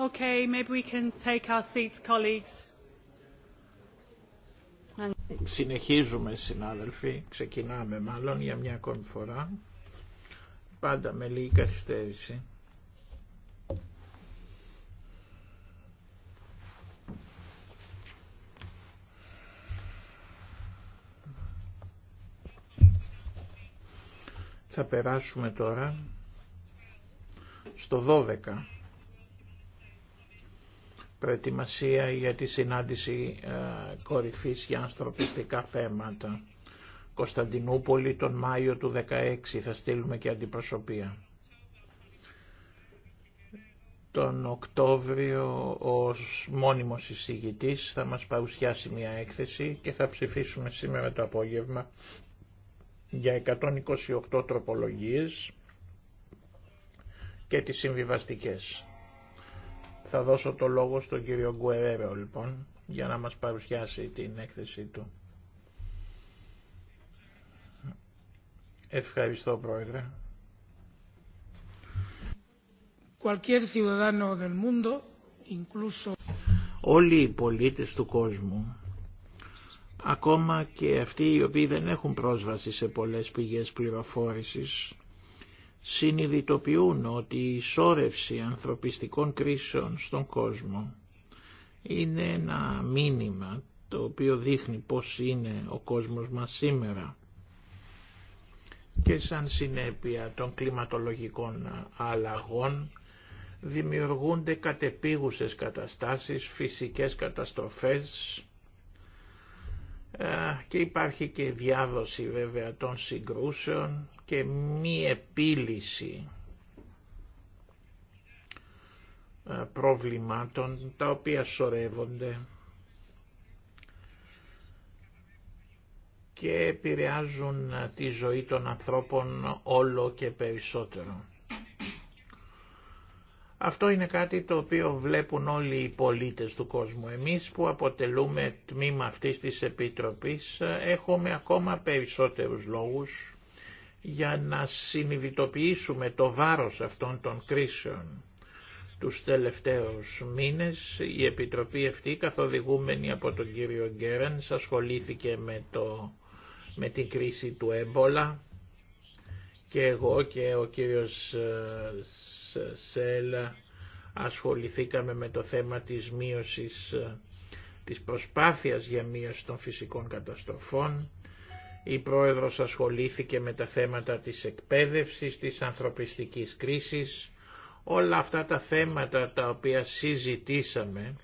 Okay, maybe we can take our seats, colleagues. Συνεχίζουμε συνάδελφοι, ξεκινάμε μάλλον για μια ακόμη φορά, πάντα με λίγη καθυστέρηση. Θα περάσουμε τώρα στο 12 προετοιμασία για τη συνάντηση ε, κορυφής για ανθρωπιστικά θέματα. Κωνσταντινούπολη τον Μάιο του 16 θα στείλουμε και αντιπροσωπεία. Τον Οκτώβριο ο μόνιμος εισηγητής θα μας παρουσιάσει μια έκθεση και θα ψηφίσουμε σήμερα το απόγευμα για 128 τροπολογίες και τις συμβιβαστικές. Θα δώσω το λόγο στον κύριο Γκουερέρο λοιπόν για να μας παρουσιάσει την έκθεσή του. Ευχαριστώ Πρόεδρε. Όλοι οι πολίτες του κόσμου, ακόμα και αυτοί οι οποίοι δεν έχουν πρόσβαση σε πολλές πηγές πληροφόρησης, συνειδητοποιούν ότι η ισόρευση ανθρωπιστικών κρίσεων στον κόσμο είναι ένα μήνυμα το οποίο δείχνει πώς είναι ο κόσμος μας σήμερα και σαν συνέπεια των κλιματολογικών αλλαγών δημιουργούνται κατεπίγουσες καταστάσεις, φυσικές καταστροφές ε, και υπάρχει και διάδοση βέβαια των συγκρούσεων και μη επίλυση ε, προβλημάτων τα οποία σωρεύονται και επηρεάζουν ε, τη ζωή των ανθρώπων όλο και περισσότερο. Αυτό είναι κάτι το οποίο βλέπουν όλοι οι πολίτες του κόσμου. Εμείς που αποτελούμε τμήμα αυτής της Επιτροπής ε, έχουμε ακόμα περισσότερους λόγους για να συνειδητοποιήσουμε το βάρος αυτών των κρίσεων. Τους τελευταίους μήνες η Επιτροπή αυτή καθοδηγούμενη από τον κύριο Γκέρεν ασχολήθηκε με, το, με την κρίση του έμπολα και εγώ και ο κύριος ε, Σέλα ασχοληθήκαμε με το θέμα της μείωσης ε, της προσπάθειας για μείωση των φυσικών καταστροφών η πρόεδρος ασχολήθηκε με τα θέματα της εκπαίδευσης, της ανθρωπιστικής κρίσης, όλα αυτά τα θέματα τα οποία συζητήσαμε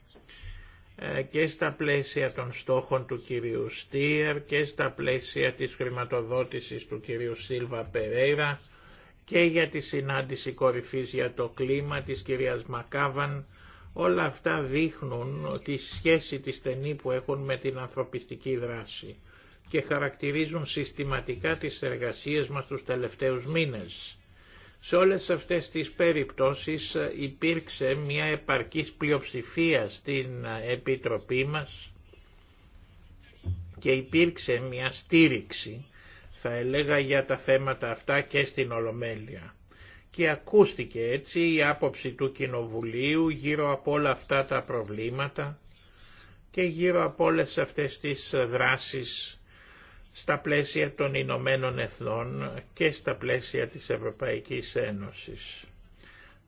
ε, και στα πλαίσια των στόχων του κυρίου Στίερ και στα πλαίσια της χρηματοδότησης του κυρίου Σίλβα Περέιρα και για τη συνάντηση κορυφής για το κλίμα της κυρίας Μακάβαν, όλα αυτά δείχνουν τη σχέση της στενή που έχουν με την ανθρωπιστική δράση και χαρακτηρίζουν συστηματικά τις εργασίες μας τους τελευταίους μήνες. Σε όλες αυτές τις περιπτώσεις ε, υπήρξε μια επαρκής πλειοψηφία στην ε, Επιτροπή μας και υπήρξε μια στήριξη, θα έλεγα, για τα θέματα αυτά και στην Ολομέλεια. Και ακούστηκε έτσι η άποψη του Κοινοβουλίου γύρω από όλα αυτά τα προβλήματα και γύρω από όλες αυτές τις ε, δράσεις στα πλαίσια των Ηνωμένων Εθνών και στα πλαίσια της Ευρωπαϊκής Ένωσης.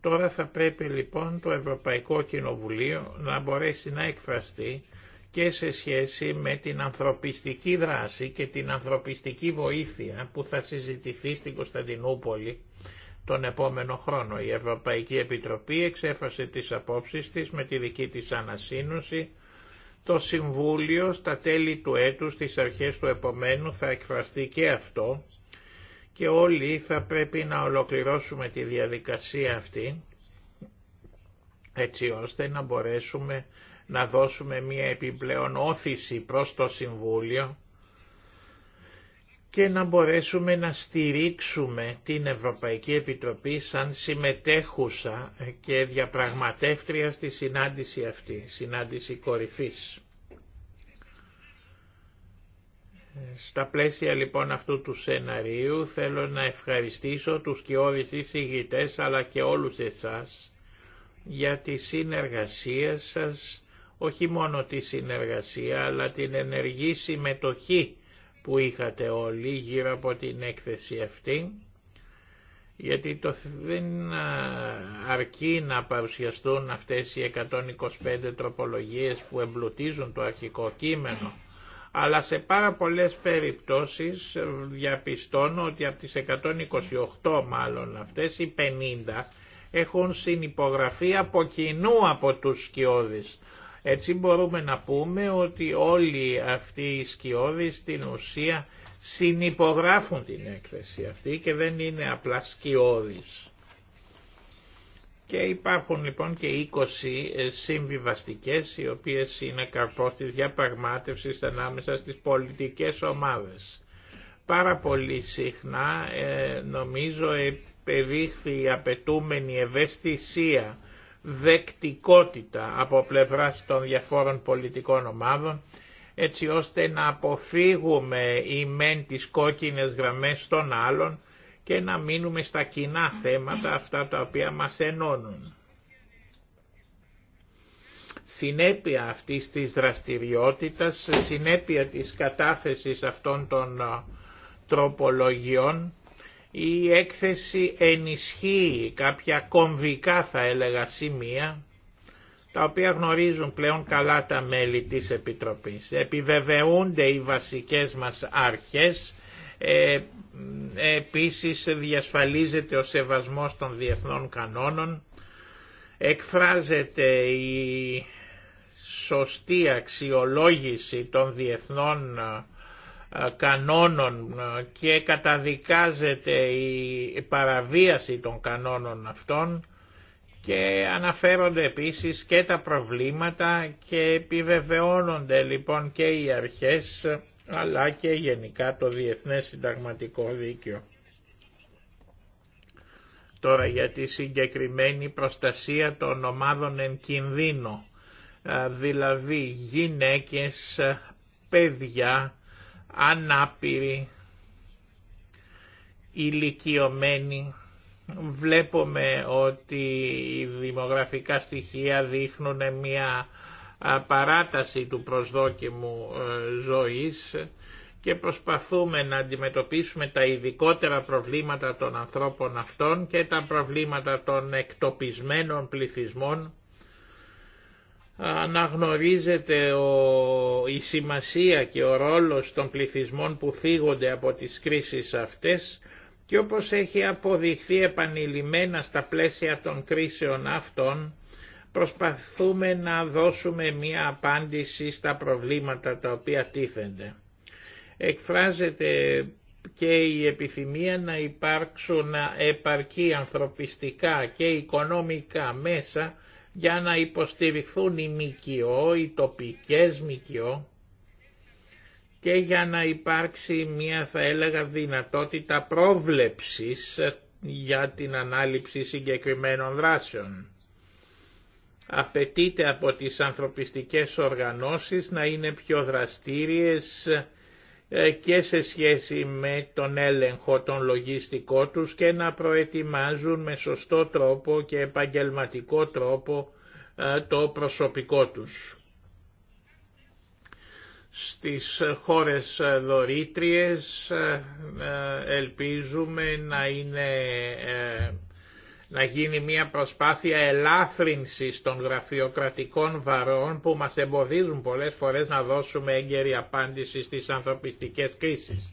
Τώρα θα πρέπει λοιπόν το Ευρωπαϊκό Κοινοβουλίο να μπορέσει να εκφραστεί και σε σχέση με την ανθρωπιστική δράση και την ανθρωπιστική βοήθεια που θα συζητηθεί στην Κωνσταντινούπολη τον επόμενο χρόνο. Η Ευρωπαϊκή Επιτροπή εξέφρασε τις απόψεις της με τη δική της ανασύνωση το Συμβούλιο στα τέλη του έτους, στις αρχές του επομένου θα εκφραστεί και αυτό και όλοι θα πρέπει να ολοκληρώσουμε τη διαδικασία αυτή έτσι ώστε να μπορέσουμε να δώσουμε μια επιπλέον όθηση προς το Συμβούλιο και να μπορέσουμε να στηρίξουμε την Ευρωπαϊκή Επιτροπή σαν συμμετέχουσα και διαπραγματεύτρια στη συνάντηση αυτή, συνάντηση κορυφής. Στα πλαίσια λοιπόν αυτού του σεναρίου θέλω να ευχαριστήσω τους και όλους τις αλλά και όλους εσάς για τη συνεργασία σας, όχι μόνο τη συνεργασία αλλά την ενεργή συμμετοχή που είχατε όλοι γύρω από την έκθεση αυτή, γιατί το δεν αρκεί να παρουσιαστούν αυτές οι 125 τροπολογίες που εμπλουτίζουν το αρχικό κείμενο, αλλά σε πάρα πολλές περιπτώσεις διαπιστώνω ότι από τις 128 μάλλον αυτές οι 50 έχουν συνυπογραφεί από κοινού από τους σκιώδεις. Έτσι μπορούμε να πούμε ότι όλοι αυτοί οι σκιώδεις στην ουσία συνυπογράφουν την έκθεση αυτή και δεν είναι απλά σκιώδεις. Και υπάρχουν λοιπόν και 20 ε, συμβιβαστικές οι οποίες είναι καρπός της διαπραγμάτευσης ανάμεσα στις πολιτικές ομάδες. Πάρα πολύ συχνά ε, νομίζω επεδείχθη η απαιτούμενη ευαισθησία δεκτικότητα από πλευράς των διαφόρων πολιτικών ομάδων έτσι ώστε να αποφύγουμε οι μεν τις κόκκινες γραμμές των άλλων και να μείνουμε στα κοινά θέματα αυτά τα οποία μας ενώνουν. Συνέπεια αυτής της δραστηριότητας, συνέπεια της κατάθεσης αυτών των ε, τροπολογιών η έκθεση ενισχύει κάποια κομβικά θα έλεγα σημεία τα οποία γνωρίζουν πλέον καλά τα μέλη της Επιτροπής. Επιβεβαιούνται οι βασικές μας άρχες, ε, επίσης διασφαλίζεται ο σεβασμός των διεθνών κανόνων, εκφράζεται η σωστή αξιολόγηση των διεθνών ε, κανόνων ε, και καταδικάζεται η παραβίαση των κανόνων αυτών και αναφέρονται επίσης και τα προβλήματα και επιβεβαιώνονται λοιπόν και οι αρχές αλλά και γενικά το Διεθνές Συνταγματικό Δίκαιο. Τώρα για τη συγκεκριμένη προστασία των ομάδων εν κινδύνο, ε, δηλαδή γυναίκες, παιδιά, ανάπηροι, ηλικιωμένοι. Βλέπουμε ότι οι δημογραφικά στοιχεία δείχνουν μια παράταση του προσδόκιμου ε, ζωής και προσπαθούμε να αντιμετωπίσουμε τα ειδικότερα προβλήματα των ανθρώπων αυτών και τα προβλήματα των εκτοπισμένων πληθυσμών αναγνωρίζεται ο, η σημασία και ο ρόλος των πληθυσμών που φύγονται από τις κρίσεις αυτές και όπως έχει αποδειχθεί επανειλημμένα στα πλαίσια των κρίσεων αυτών, προσπαθούμε να δώσουμε μία απάντηση στα προβλήματα τα οποία τίθενται. Εκφράζεται και η επιθυμία να υπάρξουν επαρκή ανθρωπιστικά και οικονομικά μέσα για να υποστηριχθούν οι ΜΚΟ, οι τοπικές ΜΚΟ και για να υπάρξει μια θα έλεγα δυνατότητα πρόβλεψης για την ανάληψη συγκεκριμένων δράσεων. Απαιτείται από τις ανθρωπιστικές οργανώσεις να είναι πιο δραστήριες ε, και σε σχέση με τον έλεγχο των λογιστικών τους και να προετοιμάζουν με σωστό τρόπο και επαγγελματικό τρόπο ε, το προσωπικό τους. Στις χώρες δωρήτριες ε, ελπίζουμε να είναι να γίνει μια προσπάθεια ελάφρυνσης των γραφειοκρατικών βαρών που μας εμποδίζουν πολλές φορές να δώσουμε έγκαιρη απάντηση στις ανθρωπιστικές κρίσεις.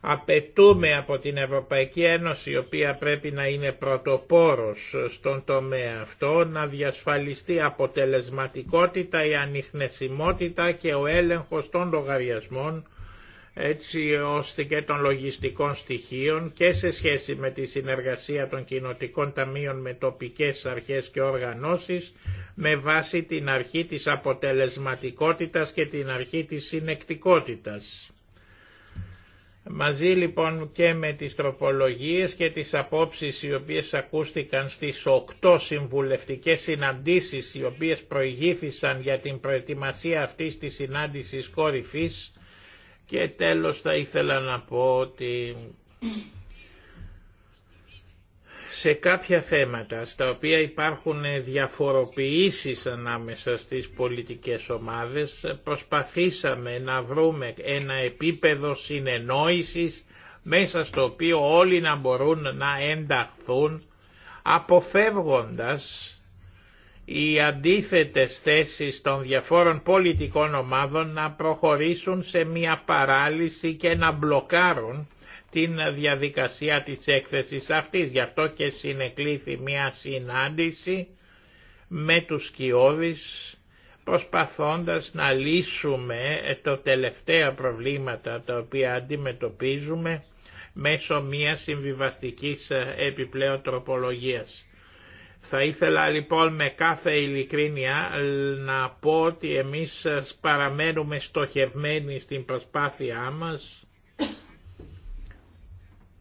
Απαιτούμε από την Ευρωπαϊκή Ένωση, η οποία πρέπει να είναι πρωτοπόρος στον τομέα αυτό, να διασφαλιστεί αποτελεσματικότητα, η ανιχνεσιμότητα και ο έλεγχος των λογαριασμών έτσι ώστε και των λογιστικών στοιχείων και σε σχέση με τη συνεργασία των κοινοτικών ταμείων με τοπικές αρχές και οργανώσεις με βάση την αρχή της αποτελεσματικότητας και την αρχή της συνεκτικότητας. Μαζί λοιπόν και με τις τροπολογίες και τις απόψεις οι οποίες ακούστηκαν στις οκτώ συμβουλευτικές συναντήσεις οι οποίες προηγήθησαν για την προετοιμασία αυτής της συνάντησης κορυφής και τέλος θα ήθελα να πω ότι σε κάποια θέματα στα οποία υπάρχουν διαφοροποιήσεις ανάμεσα στις πολιτικές ομάδες προσπαθήσαμε να βρούμε ένα επίπεδο συνεννόησης μέσα στο οποίο όλοι να μπορούν να ενταχθούν αποφεύγοντας οι αντίθετες θέσεις των διαφόρων πολιτικών ομάδων να προχωρήσουν σε μια παράλυση και να μπλοκάρουν την διαδικασία της έκθεσης αυτής. Γι' αυτό και συνεκλήθη μια συνάντηση με τους σκιώδεις προσπαθώντας να λύσουμε τα τελευταία προβλήματα τα οποία αντιμετωπίζουμε μέσω μιας συμβιβαστικής επιπλέον τροπολογίας. Θα ήθελα λοιπόν με κάθε ειλικρίνεια ε, να πω ότι εμείς παραμένουμε στοχευμένοι στην προσπάθειά μας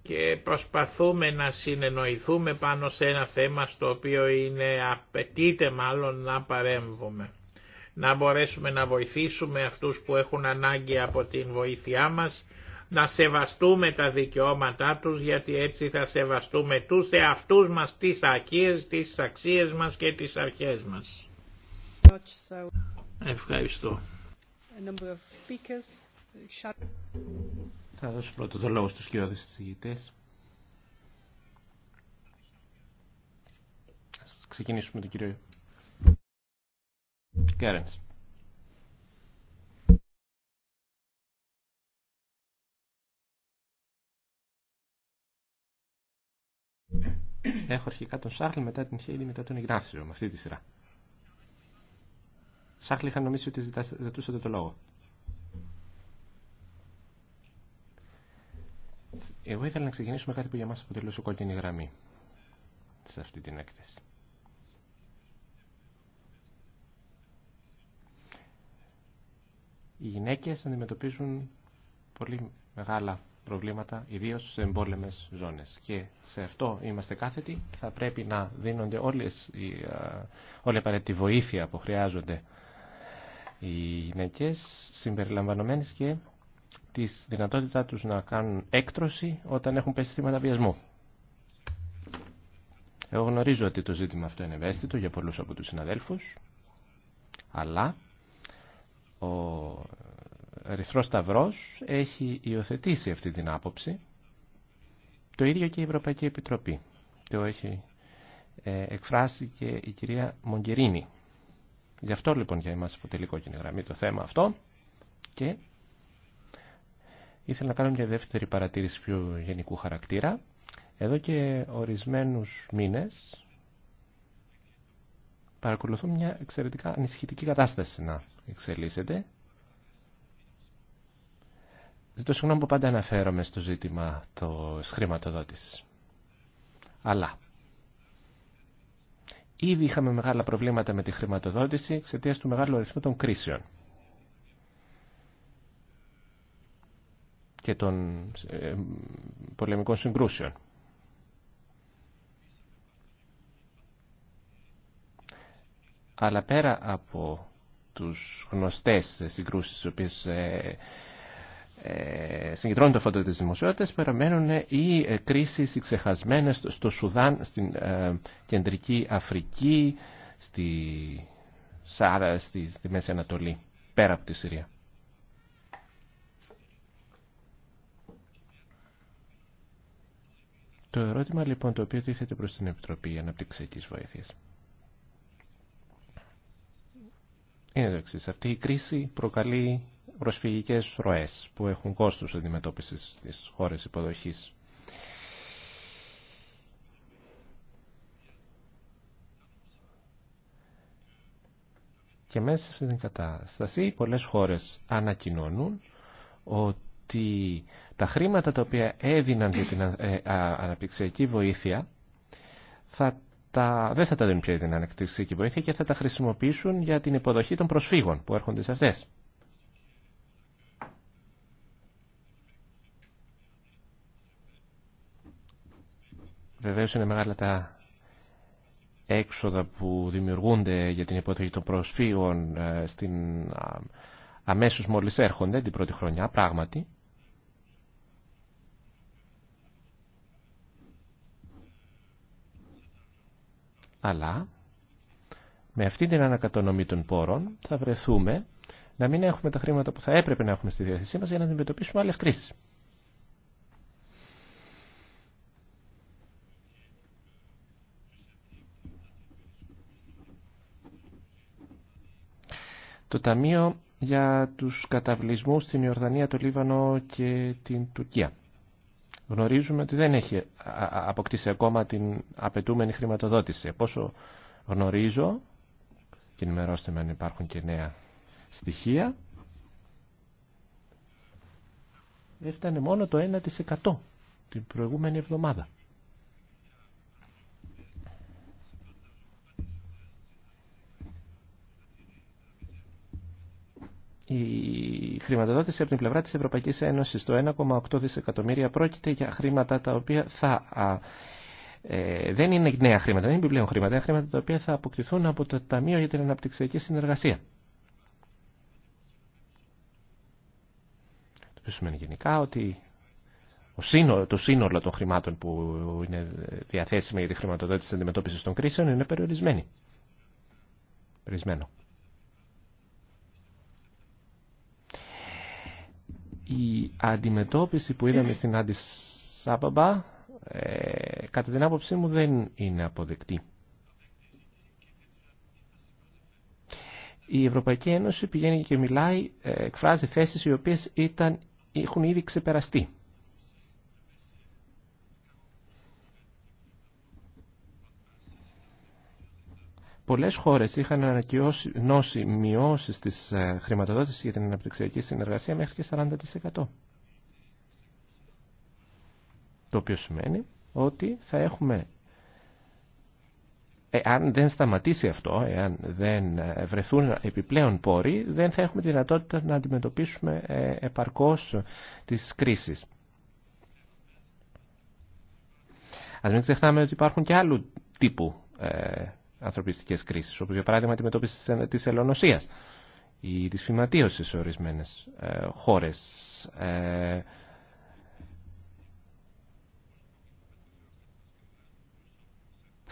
και προσπαθούμε να συνεννοηθούμε πάνω σε ένα θέμα στο οποίο είναι απαιτείται μάλλον να παρέμβουμε. Να μπορέσουμε να βοηθήσουμε αυτούς που έχουν ανάγκη από την βοήθειά μας να σεβαστούμε τα δικαιώματά τους γιατί έτσι θα σεβαστούμε τους εαυτούς μας, τις ακίες, τις αξίες μας και τις αρχές μας. Ευχαριστώ. Θα δώσω πρώτο το λόγο στους της συζητητές. Ας ξεκινήσουμε τον κύριο Κέρενς. Έχω αρχικά τον Σάχλ, μετά την Χέιλι, μετά τον Ιγνάθιο, με αυτή τη σειρά. Σάχλ είχα νομίσει ότι ζητούσατε το λόγο. Εγώ ήθελα να ξεκινήσουμε κάτι που για μας αποτελούσε κόκκινη γραμμή σε αυτή την έκθεση. Οι γυναίκες αντιμετωπίζουν πολύ μεγάλα προβλήματα, ιδίως σε εμπόλεμε ζώνες. Και σε αυτό είμαστε κάθετοι. Θα πρέπει να δίνονται όλες οι, όλη απαραίτητη βοήθεια που χρειάζονται οι γυναικές, συμπεριλαμβανομένες και τη δυνατότητά τους να κάνουν έκτρωση όταν έχουν πέσει θύματα βιασμού. Εγώ γνωρίζω ότι το ζήτημα αυτό είναι ευαίσθητο για πολλούς από τους συναδέλφους, αλλά ο Ερυθρό Σταυρός έχει υιοθετήσει αυτή την άποψη. Το ίδιο και η Ευρωπαϊκή Επιτροπή. Το έχει ε, εκφράσει και η κυρία Μογκερίνη. Γι' αυτό λοιπόν για εμάς αποτελεί κόκκινη γραμμή το θέμα αυτό και ήθελα να κάνω μια δεύτερη παρατήρηση πιο γενικού χαρακτήρα. Εδώ και ορισμένους μήνες παρακολουθούμε μια εξαιρετικά ανησυχητική κατάσταση να εξελίσσεται Ζητώ συγγνώμη που πάντα αναφέρομαι στο ζήτημα το χρηματοδότηση. Αλλά ήδη είχαμε μεγάλα προβλήματα με τη χρηματοδότηση εξαιτία του μεγάλου αριθμού των κρίσεων και των ε, πολεμικών συγκρούσεων. Αλλά πέρα από τους γνωστές συγκρούσεις τις οποίες ε, ε, συγκεντρώνει το φόντο της δημοσιότητας παραμένουν οι ε, κρίσεις οι ξεχασμένες στο Σουδάν, στην ε, Κεντρική Αφρική, στη Σάρα, στη, Μέση Ανατολή, πέρα από τη Συρία. Το ερώτημα λοιπόν το οποίο τίθεται προς την Επιτροπή Αναπτυξιακής Βοήθειας είναι το εξής. Αυτή η κρίση προκαλεί προσφυγικές ροές που έχουν κόστος αντιμετώπισης στις χώρες υποδοχής. Και μέσα σε αυτή την κατάσταση πολλές χώρες ανακοινώνουν ότι τα χρήματα τα οποία έδιναν για την ε, αναπτυξιακή βοήθεια θα δεν θα τα δίνουν πια την αναπτυξιακή βοήθεια και θα τα χρησιμοποιήσουν για την υποδοχή των προσφύγων που έρχονται σε αυτές. Βεβαίως είναι μεγάλα τα έξοδα που δημιουργούνται για την υποδοχή των προσφύγων ε, στην, αμέσως μόλις έρχονται την πρώτη χρονιά, πράγματι. Αλλά με αυτή την ανακατονομή των πόρων θα βρεθούμε να μην έχουμε τα χρήματα που θα έπρεπε να έχουμε στη διάθεσή μας για να αντιμετωπίσουμε άλλες κρίσεις. Το Ταμείο για τους καταβλισμούς στην Ιορδανία, το Λίβανο και την Τουρκία. Γνωρίζουμε ότι δεν έχει αποκτήσει ακόμα την απαιτούμενη χρηματοδότηση. Πόσο γνωρίζω, και ενημερώστε με αν υπάρχουν και νέα στοιχεία, έφτανε μόνο το 1% την προηγούμενη εβδομάδα. η χρηματοδότηση από την πλευρά της Ευρωπαϊκής Ένωσης το 1,8 δισεκατομμύρια πρόκειται για χρήματα τα οποία θα... Ε, δεν είναι νέα χρήματα, δεν είναι επιπλέον χρήματα, είναι χρήματα τα οποία θα αποκτηθούν από το Ταμείο για την Αναπτυξιακή Συνεργασία. Το οποίο σημαίνει γενικά ότι το σύνολο των χρημάτων που είναι διαθέσιμα για τη χρηματοδότηση της αντιμετώπισης των κρίσεων είναι περιορισμένο. η αντιμετώπιση που είδαμε στην Αντισάμπαμπα ε, κατά την άποψή μου δεν είναι αποδεκτή. Η Ευρωπαϊκή Ένωση πηγαίνει και μιλάει, ε, εκφράζει θέσεις οι οποίες ήταν, έχουν ήδη ξεπεραστεί. Πολλές χώρες είχαν ανακοινώσει μειώσεις της ε, χρηματοδότησης για την αναπτυξιακή συνεργασία μέχρι και 40%. Το οποίο σημαίνει ότι θα έχουμε, εάν δεν σταματήσει αυτό, εάν δεν ε, βρεθούν επιπλέον πόροι, δεν θα έχουμε τη δυνατότητα να αντιμετωπίσουμε ε, επαρκώς τις κρίσεις. Ας μην ξεχνάμε ότι υπάρχουν και άλλου τύπου ανθρωπιστικές κρίσεις, όπως για παράδειγμα αντιμετώπιση της ελονοσίας ή της φυματίωσης σε ορισμένες ε, χώρες. Ε,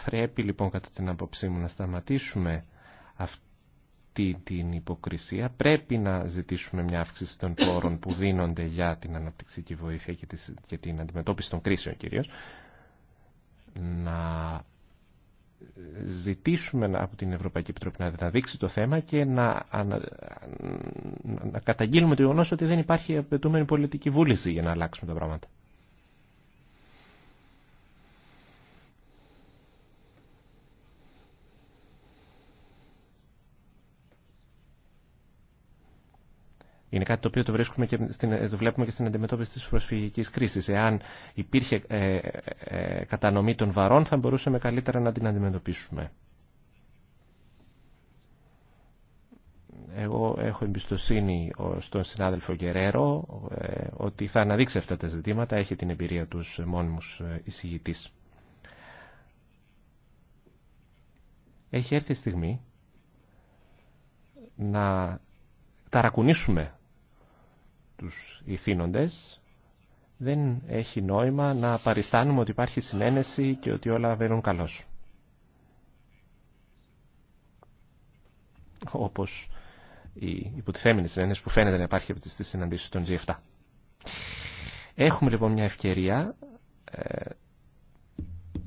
πρέπει λοιπόν κατά την απόψή μου να σταματήσουμε αυτή την υποκρισία. Πρέπει να ζητήσουμε μια αύξηση των πόρων που δίνονται για την αναπτυξική βοήθεια και την αντιμετώπιση των κρίσεων κυρίως. Να ζητήσουμε από την Ευρωπαϊκή Επιτροπή να δείξει το θέμα και να, να καταγγείλουμε το γεγονό ότι δεν υπάρχει απαιτούμενη πολιτική βούληση για να αλλάξουμε τα πράγματα. Είναι κάτι το οποίο το, βρίσκουμε και στην, το βλέπουμε και στην αντιμετώπιση της προσφυγικής κρίσης. Εάν υπήρχε ε, ε, ε κατανομή των βαρών θα μπορούσαμε καλύτερα να την αντιμετωπίσουμε. Εγώ έχω εμπιστοσύνη στον συνάδελφο Γερέρο ε, ότι θα αναδείξει αυτά τα ζητήματα, έχει την εμπειρία του μόνιμου εισηγητή. Έχει έρθει η στιγμή να ταρακουνήσουμε τους ηθήνοντες, δεν έχει νόημα να παριστάνουμε ότι υπάρχει συνένεση και ότι όλα βαίνουν καλώς. Όπως η υποτιθέμενη συνένεση που φαίνεται να υπάρχει από τις συναντήσεις των G7. Έχουμε λοιπόν μια ευκαιρία ε,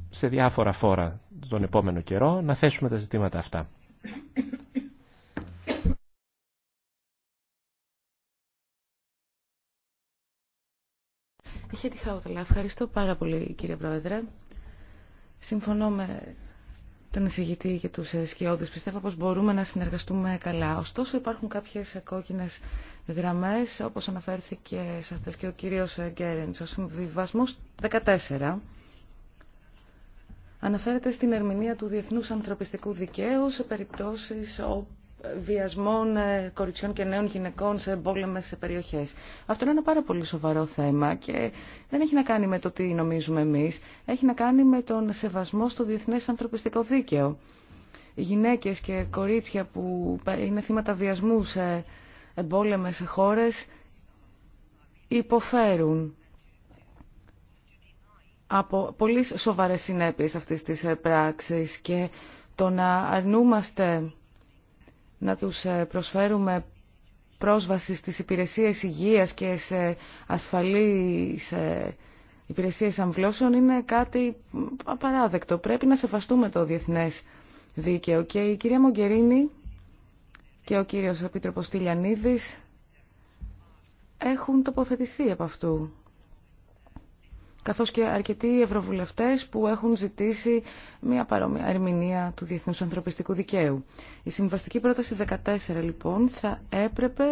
σε διάφορα φόρα τον επόμενο καιρό να θέσουμε τα ζητήματα αυτά. τη ευχαριστώ πάρα πολύ κύριε Πρόεδρε. Συμφωνώ με τον εισηγητή και τους σκιώδη. Πιστεύω πως μπορούμε να συνεργαστούμε καλά. Ωστόσο υπάρχουν κάποιες κόκκινες γραμμές, όπως αναφέρθηκε σε αυτές και ο κύριος Γκέρεντς. Ο συμβιβασμός 14 αναφέρεται στην ερμηνεία του διεθνούς ανθρωπιστικού δικαίου σε περιπτώσεις όπου βιασμών ε, κοριτσιών και νέων γυναικών σε εμπόλεμες περιοχές. Αυτό είναι ένα πάρα πολύ σοβαρό θέμα και δεν έχει να κάνει με το τι νομίζουμε εμείς. Έχει να κάνει με τον σεβασμό στο διεθνές ανθρωπιστικό δίκαιο. Οι γυναίκες και κορίτσια που είναι θύματα βιασμού σε εμπόλεμες χώρες υποφέρουν από πολύ σοβαρές συνέπειες αυτής της ε, πράξης και το να αρνούμαστε να τους ε, προσφέρουμε πρόσβαση στις υπηρεσίες υγείας και σε ασφαλείς ε, υπηρεσίες αμβλώσεων είναι κάτι απαράδεκτο. Πρέπει να σεβαστούμε το διεθνές δίκαιο. Και η κυρία Μογκερίνη και ο κύριος Επίτροπος Τηλιανίδης έχουν τοποθετηθεί από αυτού καθώς και αρκετοί ευρωβουλευτές που έχουν ζητήσει μια παρόμοια ερμηνεία του Διεθνούς Ανθρωπιστικού Δικαίου. Η συμβαστική πρόταση 14 λοιπόν θα έπρεπε,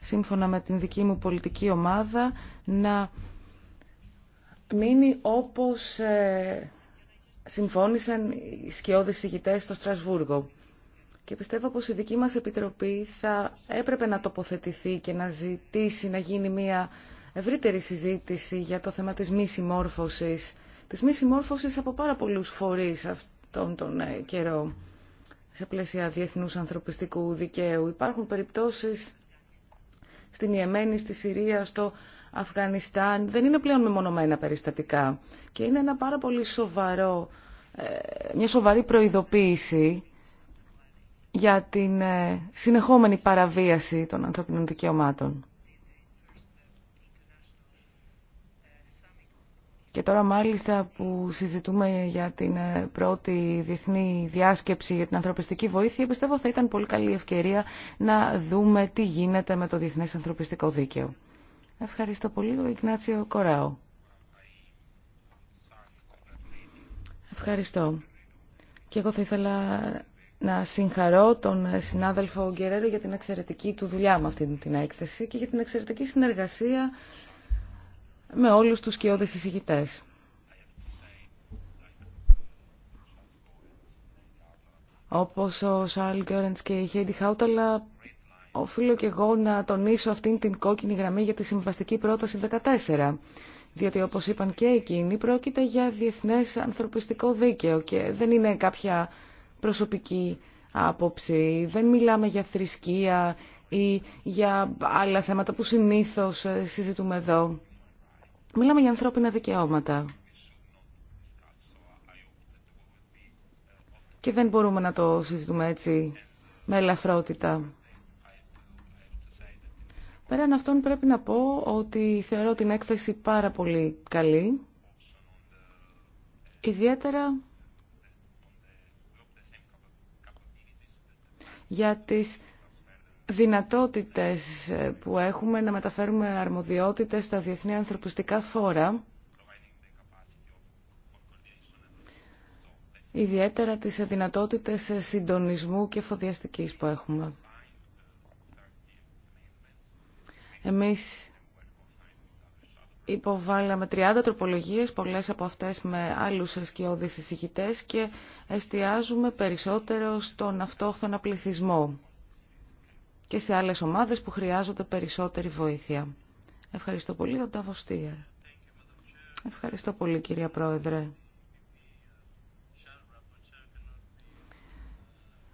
σύμφωνα με την δική μου πολιτική ομάδα, να μείνει όπως ε, συμφώνησαν οι σκιώδεις ηγητές στο Στρασβούργο. Και πιστεύω πως η δική μας Επιτροπή θα έπρεπε να τοποθετηθεί και να ζητήσει να γίνει μια ευρύτερη συζήτηση για το θέμα της μη συμμόρφωσης, της μη συμμόρφωσης από πάρα πολλούς φορείς αυτόν τον ε, καιρό σε πλαίσια διεθνούς ανθρωπιστικού δικαίου. Υπάρχουν περιπτώσεις στην Ιεμένη, στη Συρία, στο Αφγανιστάν. Δεν είναι πλέον μεμονωμένα περιστατικά και είναι ένα πάρα πολύ σοβαρό, ε, μια σοβαρή προειδοποίηση για την ε, συνεχόμενη παραβίαση των ανθρωπινών δικαιωμάτων. Και τώρα μάλιστα που συζητούμε για την ε, πρώτη διεθνή διάσκεψη για την ανθρωπιστική βοήθεια, πιστεύω θα ήταν πολύ καλή ευκαιρία να δούμε τι γίνεται με το Διεθνές Ανθρωπιστικό Δίκαιο. Ευχαριστώ πολύ, ο Ιγνάτσιο Κοράου. Ευχαριστώ. Και εγώ θα ήθελα να συγχαρώ τον συνάδελφο Γκερέρο για την εξαιρετική του δουλειά με αυτή την έκθεση και για την εξαιρετική συνεργασία με όλους τους σκιώδες εισηγητές. Όπως ο Σαρλ Γκέρεντς και η Χέιντι Χάουταλα, οφείλω και εγώ να τονίσω αυτήν την κόκκινη γραμμή για τη συμβαστική πρόταση 14. Διότι όπως είπαν και εκείνοι, πρόκειται για διεθνές ανθρωπιστικό δίκαιο και δεν είναι κάποια προσωπική άποψη. Δεν μιλάμε για θρησκεία ή για άλλα θέματα που συνήθως ε, συζητούμε εδώ. Μιλάμε για ανθρώπινα δικαιώματα. Και δεν μπορούμε να το συζητούμε έτσι με ελαφρότητα. Πέραν αυτών πρέπει να πω ότι θεωρώ την έκθεση πάρα πολύ καλή. Ιδιαίτερα για τις δυνατότητες ε, που έχουμε να μεταφέρουμε αρμοδιότητες στα διεθνή ανθρωπιστικά φόρα, ιδιαίτερα τις δυνατότητες συντονισμού και φοδιαστικής που έχουμε. Εμείς υποβάλαμε 30 τροπολογίες, πολλές από αυτές με άλλους ασκιώδεις εισηγητές και εστιάζουμε περισσότερο στον αυτόχθονα πληθυσμό και σε άλλες ομάδες που χρειάζονται περισσότερη βοήθεια. Ευχαριστώ πολύ, ο Νταβοστίερ. Ευχαριστώ πολύ, κυρία Πρόεδρε.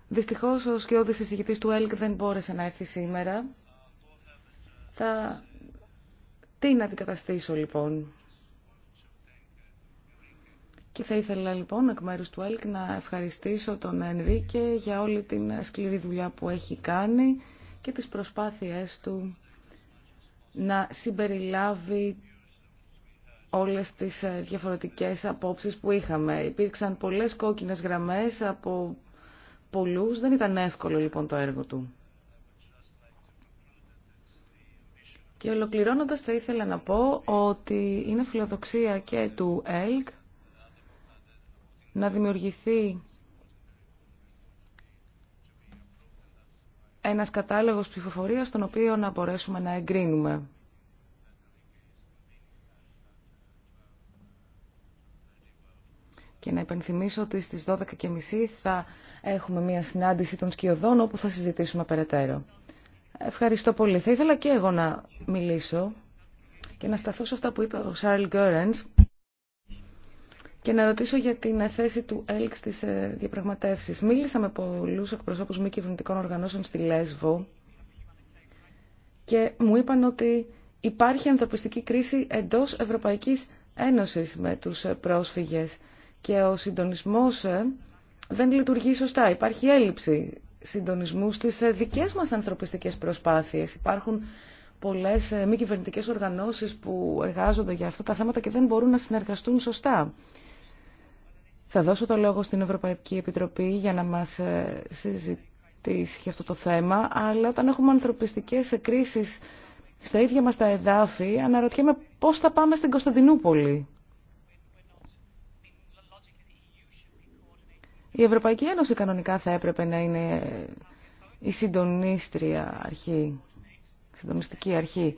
Δυστυχώς, ο σκιώδης εισηγητής του ΕΛΚ δεν μπόρεσε να έρθει σήμερα. Θα... Τι να αντικαταστήσω, λοιπόν. Και θα ήθελα λοιπόν εκ μέρου του ΕΛΚ να ευχαριστήσω τον Ενρίκε για όλη την σκληρή δουλειά που έχει κάνει και τις προσπάθειές του να συμπεριλάβει όλες τις ε, διαφορετικές απόψεις που είχαμε. Υπήρξαν πολλές κόκκινες γραμμές από πολλούς. Δεν ήταν εύκολο λοιπόν το έργο του. Και ολοκληρώνοντας θα ήθελα να πω ότι είναι φιλοδοξία και του ΕΛΚ να δημιουργηθεί ένας κατάλογος ψηφοφορίας τον οποίο να μπορέσουμε να εγκρίνουμε. Και να υπενθυμίσω ότι στις 12.30 θα έχουμε μια συνάντηση των σκιωδών όπου θα συζητήσουμε περαιτέρω. Ευχαριστώ πολύ. Θα ήθελα και εγώ να μιλήσω και να σταθώ σε αυτά που είπε ο Σάρλ Γκέρενς και να ρωτήσω για την θέση του ΕΛΚ στι ε, διαπραγματεύσει. Μίλησα με πολλού εκπροσώπου μη κυβερνητικών οργανώσεων στη Λέσβο και μου είπαν ότι υπάρχει ανθρωπιστική κρίση εντό Ευρωπαϊκή Ένωση με του ε, πρόσφυγε. και ο συντονισμός ε, δεν λειτουργεί σωστά. Υπάρχει έλλειψη συντονισμού στις δικέ μα ανθρωπιστικέ προσπάθειε. Υπάρχουν πολλέ μη κυβερνητικέ οργανώσει που εργάζονται για αυτά τα θέματα και δεν μπορούν να συνεργαστούν σωστά. Θα δώσω το λόγο στην Ευρωπαϊκή Επιτροπή για να μας ε, συζητήσει για αυτό το θέμα, αλλά όταν έχουμε ανθρωπιστικές κρίσεις στα ίδια μας τα εδάφη, αναρωτιέμαι πώς θα πάμε στην Κωνσταντινούπολη. Η Ευρωπαϊκή Ένωση κανονικά θα έπρεπε να είναι η συντονίστρια αρχή, συντονιστική αρχή.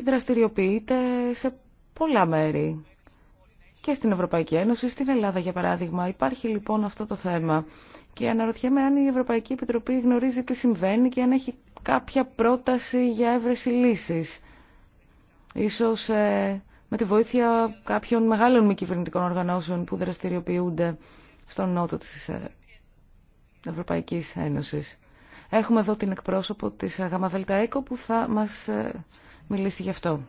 και δραστηριοποιείται σε πολλά μέρη και στην Ευρωπαϊκή Ένωση, στην Ελλάδα για παράδειγμα. Υπάρχει λοιπόν αυτό το θέμα και αναρωτιέμαι αν η Ευρωπαϊκή Επιτροπή γνωρίζει τι συμβαίνει και αν έχει κάποια πρόταση για έβρεση λύσεις. Ίσως ε, με τη βοήθεια κάποιων μεγάλων μη κυβερνητικών οργανώσεων που δραστηριοποιούνται στον νότο της Ευρωπαϊκή Ευρωπαϊκής Ένωσης. Έχουμε εδώ την εκπρόσωπο της ΓΑΜΑΔΕΛΤΑ που θα μας ε, μιλήσει γι' αυτό.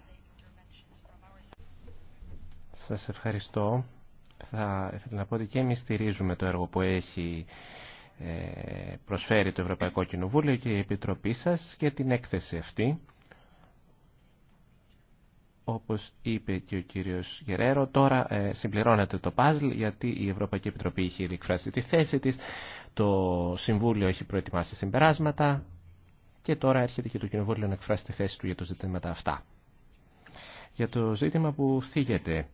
Σας ευχαριστώ. Θα ήθελα να πω ότι και εμείς στηρίζουμε το έργο που έχει ε, προσφέρει το Ευρωπαϊκό Κοινοβούλιο και η Επιτροπή σας για την έκθεση αυτή. Όπως είπε και ο κύριος Γερέρο, τώρα ε, συμπληρώνεται το παζλ γιατί η Ευρωπαϊκή Επιτροπή έχει διεκφράσει τη θέση της, το Συμβούλιο έχει προετοιμάσει συμπεράσματα, και τώρα έρχεται και το Κοινοβούλιο να εκφράσει τη θέση του για το ζητήματα αυτά. Για το ζήτημα που θίγεται,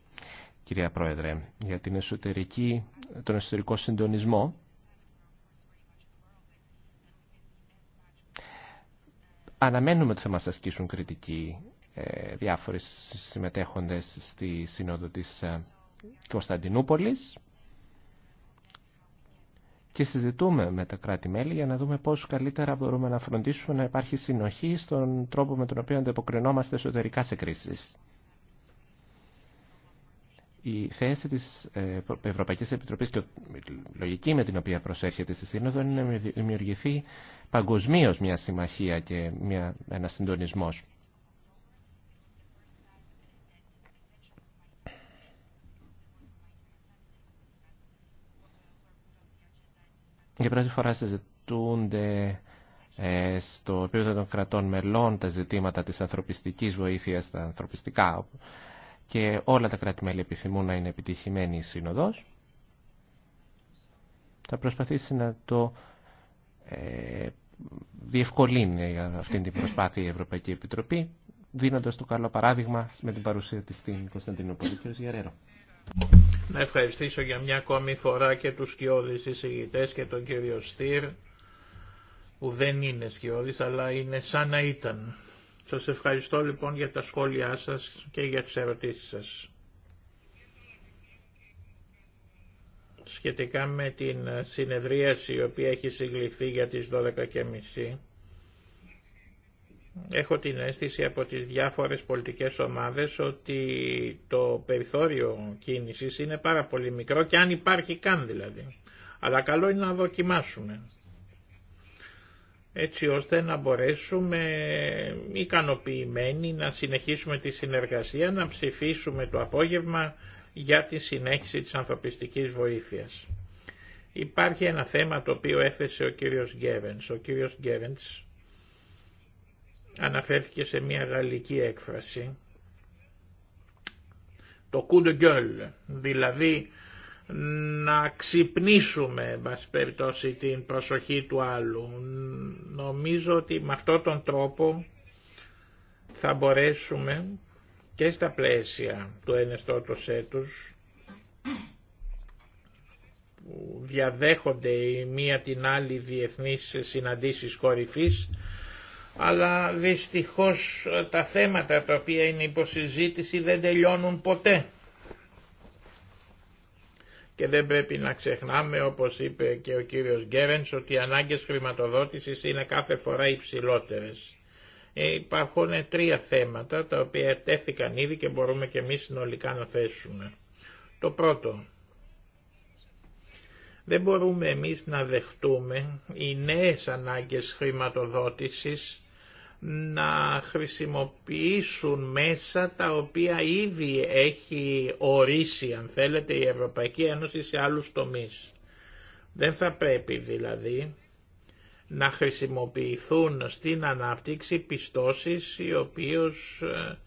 κυρία Πρόεδρε, για την εσωτερική, τον εσωτερικό συντονισμό, αναμένουμε ότι θα μας ασκήσουν κριτική ε, διάφορες συμμετέχοντες στη Σύνοδο της ε, Κωνσταντινούπολης και συζητούμε με τα κράτη-μέλη για να δούμε πώς καλύτερα μπορούμε να φροντίσουμε να υπάρχει συνοχή στον τρόπο με τον οποίο ανταποκρινόμαστε εσωτερικά σε κρίσεις. Η θέση της ε, Ευρωπαϊκής Επιτροπής και η λογική με την οποία προσέρχεται στη Σύνοδο είναι να δημιουργηθεί παγκοσμίω μια συμμαχία και ένα ένας για πρώτη φορά συζητούνται ε, στο επίπεδο των κρατών μελών τα ζητήματα της ανθρωπιστικής βοήθειας στα ανθρωπιστικά και όλα τα κράτη-μέλη επιθυμούν να είναι επιτυχημένη η Σύνοδος. Θα προσπαθήσει να το ε, διευκολύνει αυτή την προσπάθεια η Ευρωπαϊκή Επιτροπή δίνοντας το καλό παράδειγμα με την παρουσία της στην Κωνσταντινούπολη. Κύριος Γερέρο. Να ευχαριστήσω για μια ακόμη φορά και τους σκιώδεις εισηγητές και τον κύριο Στήρ που δεν είναι σκιώδης αλλά είναι σαν να ήταν. Σας ευχαριστώ λοιπόν για τα σχόλιά σας και για τις ερωτήσεις σας. Σχετικά με την συνεδρίαση η οποία έχει συγκληθεί για τις 12.30 έχω την αίσθηση από τις διάφορες πολιτικές ομάδες ότι το περιθώριο κίνησης είναι πάρα πολύ μικρό και αν υπάρχει καν δηλαδή. Αλλά καλό είναι να δοκιμάσουμε έτσι ώστε να μπορέσουμε ικανοποιημένοι να συνεχίσουμε τη συνεργασία, να ψηφίσουμε το απόγευμα για τη συνέχιση της ανθρωπιστικής βοήθειας. Υπάρχει ένα θέμα το οποίο έθεσε ο κύριος Γκέβεντς. Ο κύριος αναφέρθηκε σε μια γαλλική έκφραση, το coup de gueule, δηλαδή να ξυπνήσουμε μας περιπτώσει την προσοχή του άλλου. Νομίζω ότι με αυτόν τον τρόπο θα μπορέσουμε και στα πλαίσια του ενεστώτος έτους που διαδέχονται η μία την άλλη διεθνείς συναντήσεις κορυφής αλλά δυστυχώς ε, τα θέματα τα οποία είναι υποσυζήτηση δεν τελειώνουν ποτέ. Και δεν πρέπει να ξεχνάμε, όπως είπε και ο κύριος Γκέρενς, ότι οι ανάγκες χρηματοδότησης είναι κάθε φορά υψηλότερες. Ε, υπάρχουν τρία θέματα τα οποία τέθηκαν ήδη και μπορούμε και εμείς συνολικά να θέσουμε. Το πρώτο, δεν μπορούμε εμείς να δεχτούμε οι νέες ανάγκες χρηματοδότησης να χρησιμοποιήσουν μέσα τα οποία ήδη έχει ορίσει, αν θέλετε, η Ευρωπαϊκή Ένωση σε άλλους τομείς. Δεν θα πρέπει δηλαδή να χρησιμοποιηθούν στην ανάπτυξη πιστώσεις οι οποίες ε,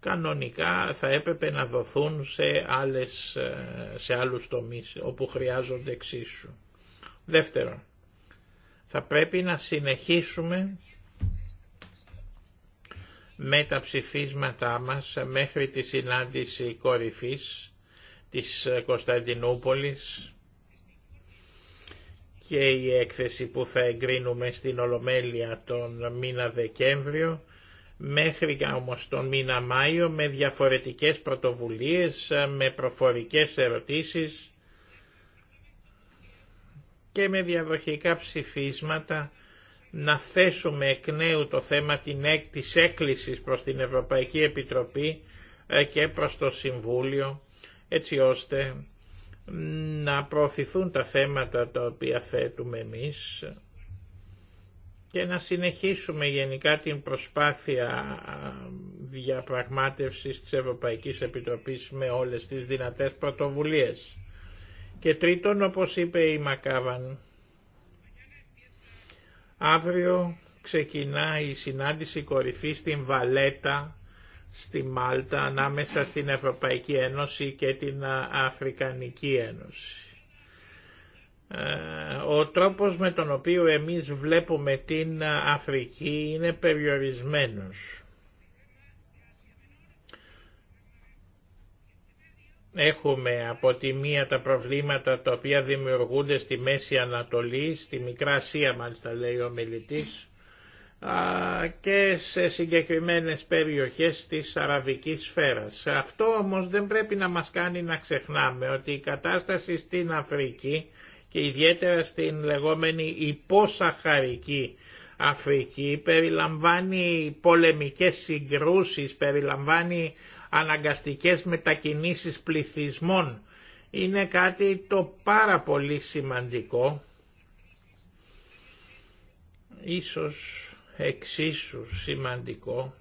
κανονικά θα έπρεπε να δοθούν σε, άλλες, ε, σε άλλους τομείς όπου χρειάζονται εξίσου. Δεύτερον, θα πρέπει να συνεχίσουμε με τα ψηφίσματά μας μέχρι τη συνάντηση κορυφής της Κωνσταντινούπολης και η έκθεση που θα εγκρίνουμε στην Ολομέλεια τον μήνα Δεκέμβριο μέχρι όμως τον μήνα Μάιο με διαφορετικές πρωτοβουλίες, με προφορικές ερωτήσεις και με διαδοχικά ψηφίσματα να θέσουμε εκ νέου το θέμα της έκκλησης προς την Ευρωπαϊκή Επιτροπή ε, και προς το Συμβούλιο έτσι ώστε να προωθηθούν τα θέματα τα οποία θέτουμε εμείς και να συνεχίσουμε γενικά την προσπάθεια διαπραγμάτευσης της Ευρωπαϊκής Επιτροπής με όλες τις δυνατές πρωτοβουλίες. Και τρίτον, όπως είπε η Μακάβαν, Αύριο ξεκινά η συνάντηση κορυφή στην Βαλέτα, στη Μάλτα, ανάμεσα στην Ευρωπαϊκή Ένωση και την Αφρικανική Ένωση. Ε, ο τρόπος με τον οποίο εμείς βλέπουμε την Αφρική είναι περιορισμένος. Έχουμε από τη μία τα προβλήματα τα οποία δημιουργούνται στη Μέση Ανατολή, στη Μικρά Ασία μάλιστα λέει ο μιλητής, και σε συγκεκριμένες περιοχές της αραβικής σφαίρας. Αυτό όμως δεν πρέπει να μας κάνει να ξεχνάμε ότι η κατάσταση στην Αφρική και ιδιαίτερα στην λεγόμενη υπόσαχαρική Αφρική περιλαμβάνει πολεμικές συγκρούσεις, περιλαμβάνει αναγκαστικές μετακινήσεις πληθυσμών είναι κάτι το πάρα πολύ σημαντικό, ίσως εξίσου σημαντικό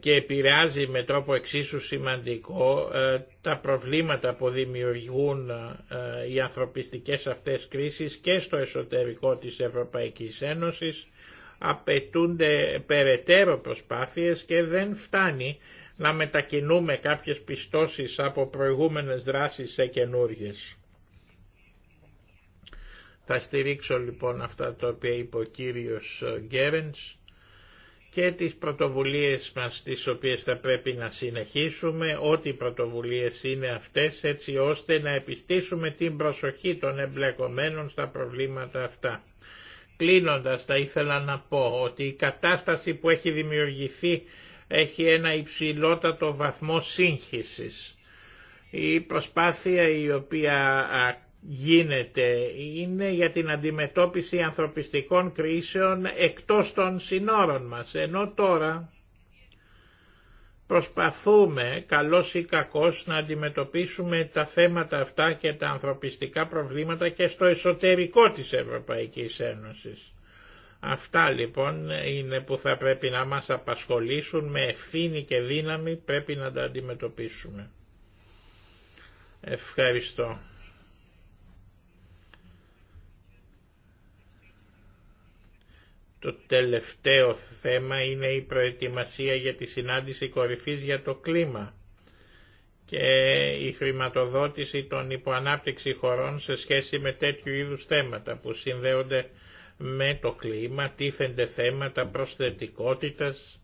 και επηρεάζει με τρόπο εξίσου σημαντικό ε, τα προβλήματα που δημιουργούν ε, οι ανθρωπιστικές αυτές κρίσεις και στο εσωτερικό της Ευρωπαϊκής Ένωσης απαιτούνται περαιτέρω προσπάθειες και δεν φτάνει να μετακινούμε κάποιες πιστώσεις από προηγούμενες δράσεις σε καινούργιες. Θα στηρίξω λοιπόν αυτά τα οποία είπε ο κύριος Γκέρενς και τις πρωτοβουλίες μας τις οποίες θα πρέπει να συνεχίσουμε, ό,τι πρωτοβουλίες είναι αυτές έτσι ώστε να επιστήσουμε την προσοχή των εμπλεκομένων στα προβλήματα αυτά. Κλείνοντας θα ήθελα να πω ότι η κατάσταση που έχει δημιουργηθεί έχει ένα υψηλότατο βαθμό σύγχυσης. Η προσπάθεια η οποία γίνεται είναι για την αντιμετώπιση ανθρωπιστικών κρίσεων εκτός των συνόρων μας, ενώ τώρα Προσπαθούμε, καλός ή κακός, να αντιμετωπίσουμε τα θέματα αυτά και τα ανθρωπιστικά προβλήματα και στο εσωτερικό της Ευρωπαϊκής Ένωσης. Αυτά λοιπόν είναι που θα πρέπει να μας απασχολήσουν με ευθύνη και δύναμη πρέπει να τα αντιμετωπίσουμε. Ευχαριστώ. Το τελευταίο θέμα είναι η προετοιμασία για τη συνάντηση κορυφής για το κλίμα και η χρηματοδότηση των υποανάπτυξη χωρών σε σχέση με τέτοιου είδους θέματα που συνδέονται με το κλίμα, τίθενται θέματα προσθετικότητας,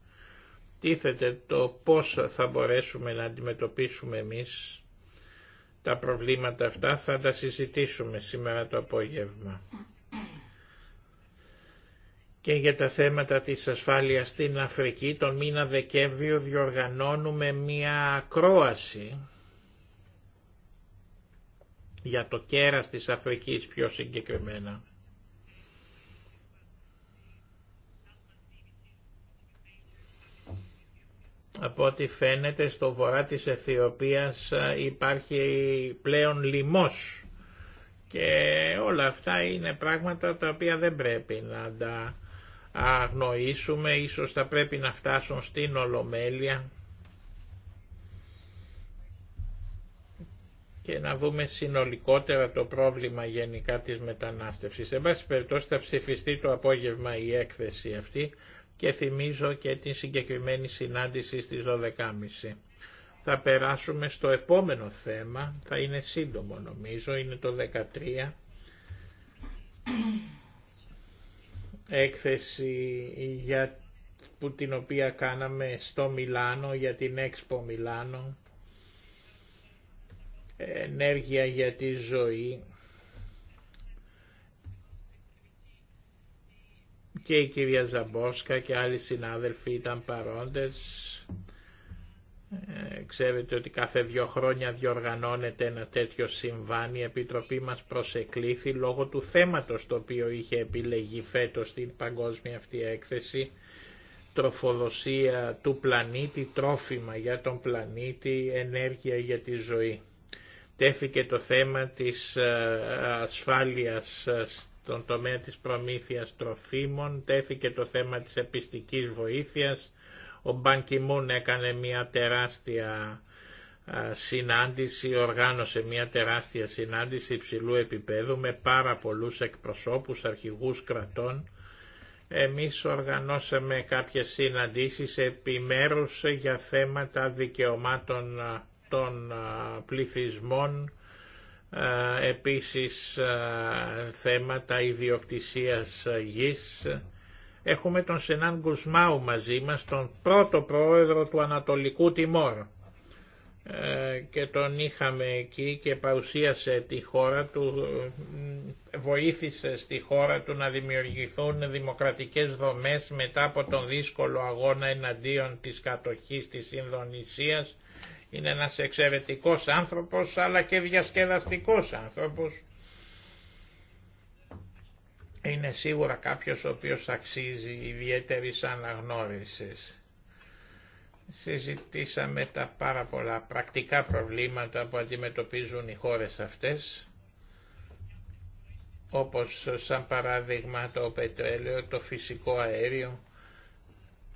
τίθεται το πώς θα μπορέσουμε να αντιμετωπίσουμε εμείς τα προβλήματα αυτά, θα τα συζητήσουμε σήμερα το απόγευμα και για τα θέματα της ασφάλειας στην Αφρική τον μήνα Δεκέμβριο διοργανώνουμε μία ακρόαση για το κέρας της Αφρικής πιο συγκεκριμένα. Από ό,τι φαίνεται στο βορρά της Αιθιοπίας υπάρχει πλέον λιμός και όλα αυτά είναι πράγματα τα οποία δεν πρέπει να τα αγνοήσουμε, ίσως θα πρέπει να φτάσουν στην Ολομέλεια και να δούμε συνολικότερα το πρόβλημα γενικά της μετανάστευσης. Εν πάση περιπτώσει θα ψηφιστεί το απόγευμα η έκθεση αυτή και θυμίζω και την συγκεκριμένη συνάντηση στις 12.30. Θα περάσουμε στο επόμενο θέμα, θα είναι σύντομο νομίζω, είναι το 13 έκθεση για που την οποία κάναμε στο Μιλάνο για την Expo Μιλάνο ενέργεια για τη ζωή και η κυρία Ζαμπόσκα και άλλοι συνάδελφοι ήταν παρόντες ε, ξέρετε ότι κάθε δύο χρόνια διοργανώνεται ένα τέτοιο συμβάν. Η Επιτροπή μας προσεκλήθη λόγω του θέματος το οποίο είχε επιλεγεί φέτος στην παγκόσμια αυτή έκθεση. Τροφοδοσία του πλανήτη, τρόφιμα για τον πλανήτη, ενέργεια για τη ζωή. Τέθηκε το θέμα της ε, ασφάλειας ε, στον τομέα της προμήθειας τροφίμων, τέθηκε το θέμα της επιστικής βοήθειας, ο Μπανκιμούν έκανε μια τεράστια συνάντηση, οργάνωσε μια τεράστια συνάντηση υψηλού επίπεδου με πάρα πολλούς εκπροσώπους, αρχηγούς κρατών. Εμείς οργανώσαμε κάποιες συναντήσεις επιμέρους για θέματα δικαιωμάτων των πληθυσμών, επίσης θέματα ιδιοκτησίας γης, Έχουμε τον Σενάν Γκουσμάου μαζί μας, τον πρώτο πρόεδρο του Ανατολικού Τιμόρ ε, και τον είχαμε εκεί και παρουσίασε τη χώρα του, βοήθησε στη χώρα του να δημιουργηθούν δημοκρατικές δομές μετά από τον δύσκολο αγώνα εναντίον της κατοχής της Ινδονησίας. Είναι ένας εξαιρετικός άνθρωπος αλλά και διασκεδαστικός άνθρωπος είναι σίγουρα κάποιος ο οποίος αξίζει ιδιαίτερη αναγνώριση. Συζητήσαμε τα πάρα πολλά πρακτικά προβλήματα που αντιμετωπίζουν οι χώρες αυτές, όπως σαν παράδειγμα το πετρέλαιο, το φυσικό αέριο,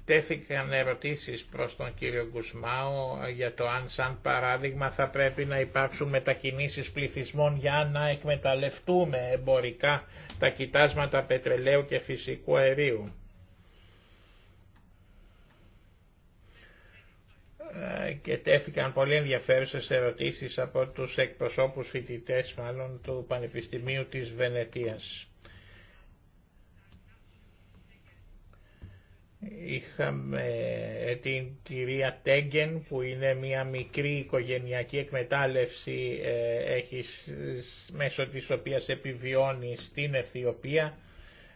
Τέθηκαν ερωτήσεις προς τον κύριο Γκουσμάο για το αν σαν παράδειγμα θα πρέπει να υπάρξουν μετακινήσεις πληθυσμών για να εκμεταλλευτούμε εμπορικά τα κοιτάσματα πετρελαίου και φυσικού αερίου. Ε, και τέθηκαν πολύ ενδιαφέρουσες ερωτήσεις από τους εκπροσώπους φοιτητές μάλλον του Πανεπιστημίου της Βενετίας. Είχαμε ε, την κυρία Τέγκεν που είναι μια μικρή οικογενειακή εκμετάλλευση ε, έχεις μέσω της οποίας επιβιώνει στην Αιθιοπία.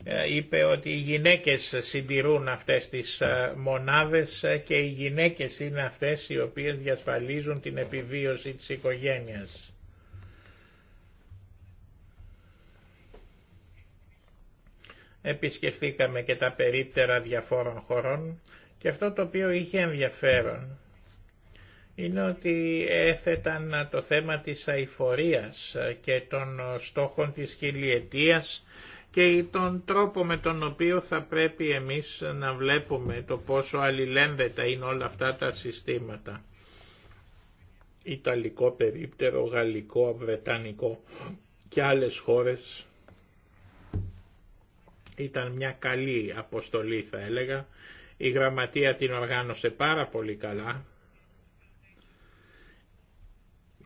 Ε, είπε ότι οι γυναίκες συντηρούν αυτές τις μονάδες και οι γυναίκες είναι αυτές οι οποίες διασφαλίζουν την επιβίωση της οικογένειας. επισκεφθήκαμε και τα περίπτερα διαφόρων χωρών και αυτό το οποίο είχε ενδιαφέρον είναι ότι έθεταν το θέμα της αηφορίας και των στόχων της χιλιετίας και τον τρόπο με τον οποίο θα πρέπει εμείς να βλέπουμε το πόσο αλληλένδετα είναι όλα αυτά τα συστήματα. Ιταλικό περίπτερο, γαλλικό, βρετανικό και άλλες χώρες ήταν μια καλή αποστολή θα έλεγα. Η γραμματεία την οργάνωσε πάρα πολύ καλά